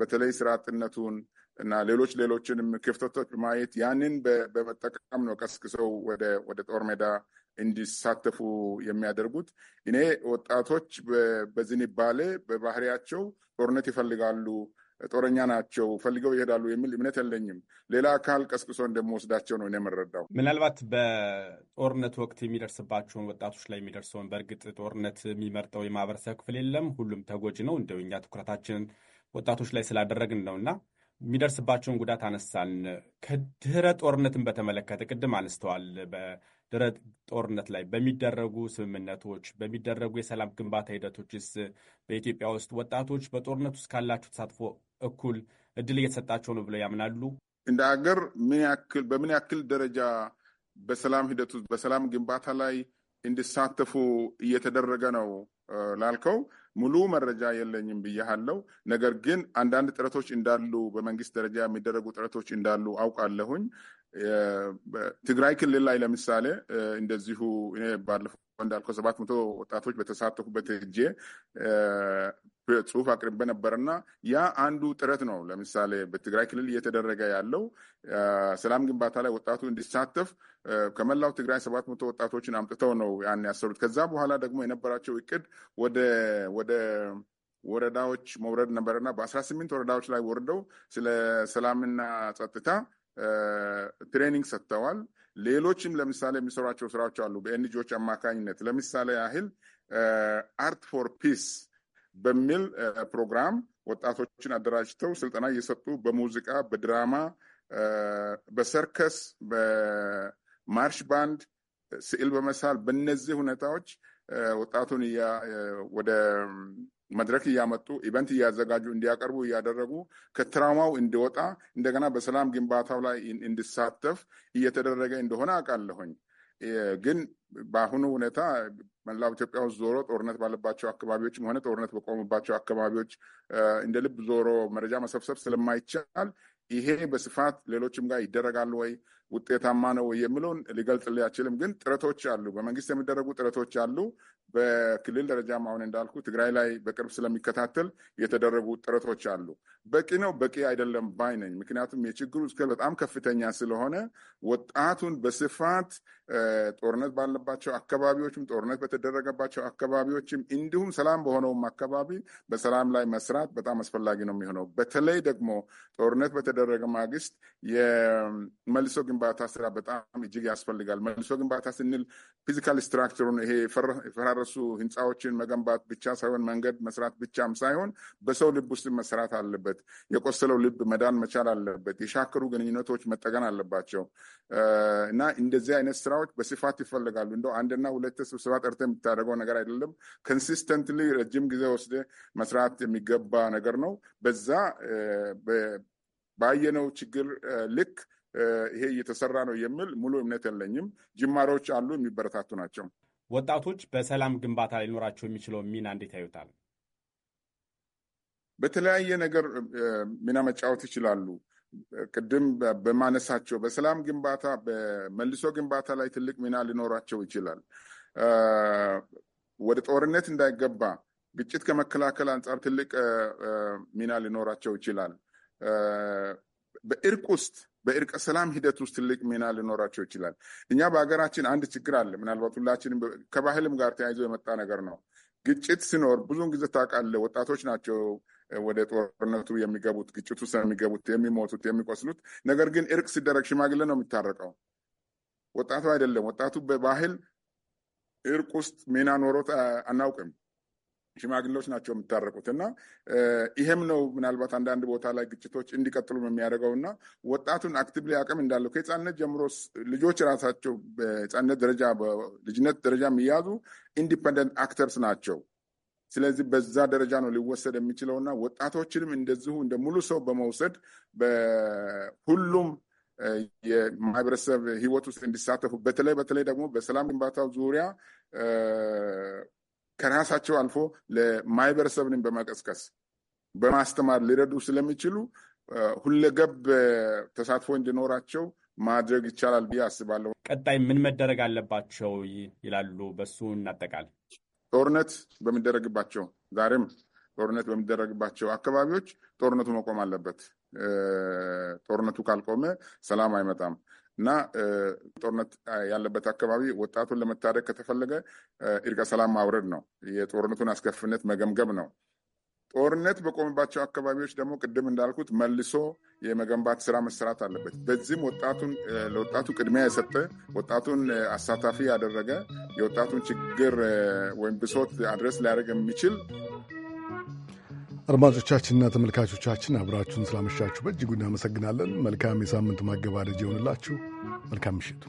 [SPEAKER 16] በተለይ ስራ አጥነቱን እና ሌሎች ሌሎችንም ክፍተቶች በማየት ያንን በመጠቀም ነው ቀስቅሰው ወደ ጦር ሜዳ እንዲሳተፉ የሚያደርጉት። እኔ ወጣቶች በዝንባሌ በባህሪያቸው ጦርነት ይፈልጋሉ፣ ጦረኛ ናቸው፣ ፈልገው ይሄዳሉ የሚል እምነት የለኝም። ሌላ አካል ቀስቅሶ እንደመወስዳቸው ነው የምረዳው። ምናልባት
[SPEAKER 9] በጦርነት ወቅት የሚደርስባቸውን ወጣቶች ላይ የሚደርሰውን በእርግጥ ጦርነት የሚመርጠው የማህበረሰብ ክፍል የለም፣ ሁሉም ተጎጂ ነው። እንደው እኛ ትኩረታችንን ወጣቶች ላይ ስላደረግን እና የሚደርስባቸውን ጉዳት አነሳን። ከድህረ ጦርነትን በተመለከተ ቅድም አነስተዋል። ድረ ጦርነት ላይ በሚደረጉ ስምምነቶች በሚደረጉ የሰላም ግንባታ ሂደቶችስ በኢትዮጵያ ውስጥ ወጣቶች በጦርነት ውስጥ ካላቸው ተሳትፎ እኩል እድል እየተሰጣቸው ነው ብለው ያምናሉ?
[SPEAKER 16] እንደ ሀገር በምን ያክል ደረጃ በሰላም ሂደቱ በሰላም ግንባታ ላይ እንዲሳተፉ እየተደረገ ነው ላልከው ሙሉ መረጃ የለኝም ብያሃለው። ነገር ግን አንዳንድ ጥረቶች እንዳሉ በመንግስት ደረጃ የሚደረጉ ጥረቶች እንዳሉ አውቃለሁኝ። ትግራይ ክልል ላይ ለምሳሌ እንደዚሁ እኔ ባለፈው እንዳልከው ሰባት መቶ ወጣቶች በተሳተፉበት እጄ ጽሁፍ አቅርቤ ነበርና ያ አንዱ ጥረት ነው። ለምሳሌ በትግራይ ክልል እየተደረገ ያለው ሰላም ግንባታ ላይ ወጣቱ እንዲሳተፍ ከመላው ትግራይ ሰባት መቶ ወጣቶችን አምጥተው ነው ያን ያሰሩት። ከዛ በኋላ ደግሞ የነበራቸው እቅድ ወደ ወደ ወረዳዎች መውረድ ነበርና በአስራ ስምንት ወረዳዎች ላይ ወርደው ስለ ሰላምና ጸጥታ ትሬኒንግ ሰጥተዋል። ሌሎችም ለምሳሌ የሚሰሯቸው ስራዎች አሉ። በኤንጂኦች አማካኝነት ለምሳሌ ያህል አርት ፎር ፒስ በሚል ፕሮግራም ወጣቶችን አደራጅተው ስልጠና እየሰጡ በሙዚቃ፣ በድራማ፣ በሰርከስ፣ በማርሽ ባንድ፣ ስዕል በመሳል በነዚህ ሁኔታዎች ወጣቱን ወደ መድረክ እያመጡ ኢቨንት እያዘጋጁ እንዲያቀርቡ እያደረጉ ከትራውማው እንዲወጣ እንደገና በሰላም ግንባታው ላይ እንዲሳተፍ እየተደረገ እንደሆነ አውቃለሁኝ። ግን በአሁኑ ሁኔታ መላው ኢትዮጵያ ውስጥ ዞሮ ጦርነት ባለባቸው አካባቢዎችም ሆነ ጦርነት በቆሙባቸው አካባቢዎች እንደ ልብ ዞሮ መረጃ መሰብሰብ ስለማይቻል ይሄ በስፋት ሌሎችም ጋር ይደረጋሉ ወይ ውጤታማ ነው የሚለውን ሊገልጽ አይችልም። ግን ጥረቶች አሉ፣ በመንግስት የሚደረጉ ጥረቶች አሉ። በክልል ደረጃም አሁን እንዳልኩ ትግራይ ላይ በቅርብ ስለሚከታተል የተደረጉ ጥረቶች አሉ። በቂ ነው በቂ አይደለም ባይ ነኝ። ምክንያቱም የችግሩ እስከ በጣም ከፍተኛ ስለሆነ ወጣቱን በስፋት ጦርነት ባለባቸው አካባቢዎችም ጦርነት በተደረገባቸው አካባቢዎችም እንዲሁም ሰላም በሆነውም አካባቢ በሰላም ላይ መስራት በጣም አስፈላጊ ነው የሚሆነው። በተለይ ደግሞ ጦርነት በተደረገ ማግስት የመልሶ ግንባታ ስራ በጣም እጅግ ያስፈልጋል። መልሶ ግንባታ ስንል ፊዚካል ስትራክቸሩን ይሄ የፈራረሰ የፈረሱ ህንፃዎችን መገንባት ብቻ ሳይሆን መንገድ መስራት ብቻም ሳይሆን በሰው ልብ ውስጥ መሰራት አለበት። የቆሰለው ልብ መዳን መቻል አለበት። የሻከሩ ግንኙነቶች መጠገን አለባቸው እና እንደዚህ አይነት ስራዎች በስፋት ይፈልጋሉ። እንደው አንድና ሁለት ስብሰባ ጠርተ የምታደርገው ነገር አይደለም። ኮንሲስተንትሊ ረጅም ጊዜ ወስደ መስራት የሚገባ ነገር ነው። በዛ ባየነው ችግር ልክ ይሄ እየተሰራ ነው የሚል ሙሉ እምነት የለኝም። ጅማሬዎች አሉ፣ የሚበረታቱ ናቸው።
[SPEAKER 9] ወጣቶች በሰላም ግንባታ ሊኖራቸው የሚችለው ሚና እንዴት ያዩታል?
[SPEAKER 16] በተለያየ ነገር ሚና መጫወት ይችላሉ። ቅድም በማነሳቸው በሰላም ግንባታ፣ በመልሶ ግንባታ ላይ ትልቅ ሚና ሊኖራቸው ይችላል። ወደ ጦርነት እንዳይገባ ግጭት ከመከላከል አንጻር ትልቅ ሚና ሊኖራቸው ይችላል። በእርቅ ውስጥ በእርቀ ሰላም ሂደት ውስጥ ትልቅ ሚና ሊኖራቸው ይችላል። እኛ በሀገራችን አንድ ችግር አለ። ምናልባት ሁላችንም ከባህልም ጋር ተያይዞ የመጣ ነገር ነው። ግጭት ሲኖር ብዙውን ጊዜ ታውቃለህ፣ ወጣቶች ናቸው ወደ ጦርነቱ የሚገቡት፣ ግጭቱ ስለሚገቡት የሚሞቱት፣ የሚቆስሉት። ነገር ግን እርቅ ሲደረግ ሽማግሌ ነው የሚታረቀው፣ ወጣቱ አይደለም። ወጣቱ በባህል እርቅ ውስጥ ሚና ኖሮት አናውቅም። ሽማግሌዎች ናቸው የምታረቁት እና ይሄም ነው ምናልባት አንዳንድ ቦታ ላይ ግጭቶች እንዲቀጥሉ ነው የሚያደርገው እና ወጣቱን ላይ አቅም እንዳለው ከህፃንነት ጀምሮ ልጆች ራሳቸው በህፃነት ደረጃ በልጅነት ደረጃ የሚያዙ ኢንዲፐንደንት አክተርስ ናቸው። ስለዚህ በዛ ደረጃ ነው ሊወሰድ የሚችለው እና ወጣቶችንም እንደዚሁ እንደ ሙሉ ሰው በመውሰድ በሁሉም የማህበረሰብ ህይወት ውስጥ እንዲሳተፉ በተለይ በተለይ ደግሞ በሰላም ግንባታው ዙሪያ ከራሳቸው አልፎ ለማህበረሰብን በመቀስቀስ በማስተማር ሊረዱ ስለሚችሉ ሁለገብ ተሳትፎ እንዲኖራቸው ማድረግ ይቻላል ብዬ አስባለሁ። ቀጣይ ምን መደረግ አለባቸው ይላሉ? በሱ እናጠቃል። ጦርነት በሚደረግባቸው ዛሬም ጦርነት በሚደረግባቸው አካባቢዎች ጦርነቱ መቆም አለበት። ጦርነቱ ካልቆመ ሰላም አይመጣም። እና ጦርነት ያለበት አካባቢ ወጣቱን ለመታደግ ከተፈለገ እርቀ ሰላም ማውረድ ነው። የጦርነቱን አስከፊነት መገምገም ነው። ጦርነት በቆመባቸው አካባቢዎች ደግሞ ቅድም እንዳልኩት መልሶ የመገንባት ስራ መሰራት አለበት። በዚህም ወጣቱን ለወጣቱ ቅድሚያ የሰጠ ወጣቱን አሳታፊ ያደረገ የወጣቱን ችግር ወይም ብሶት አድረስ ሊያደርግ የሚችል
[SPEAKER 1] አድማጮቻችንና ተመልካቾቻችን አብራችሁን ስላመሻችሁ በእጅጉ እናመሰግናለን። መልካም የሳምንት ማገባደጅ የሆንላችሁ። መልካም ምሽቱ።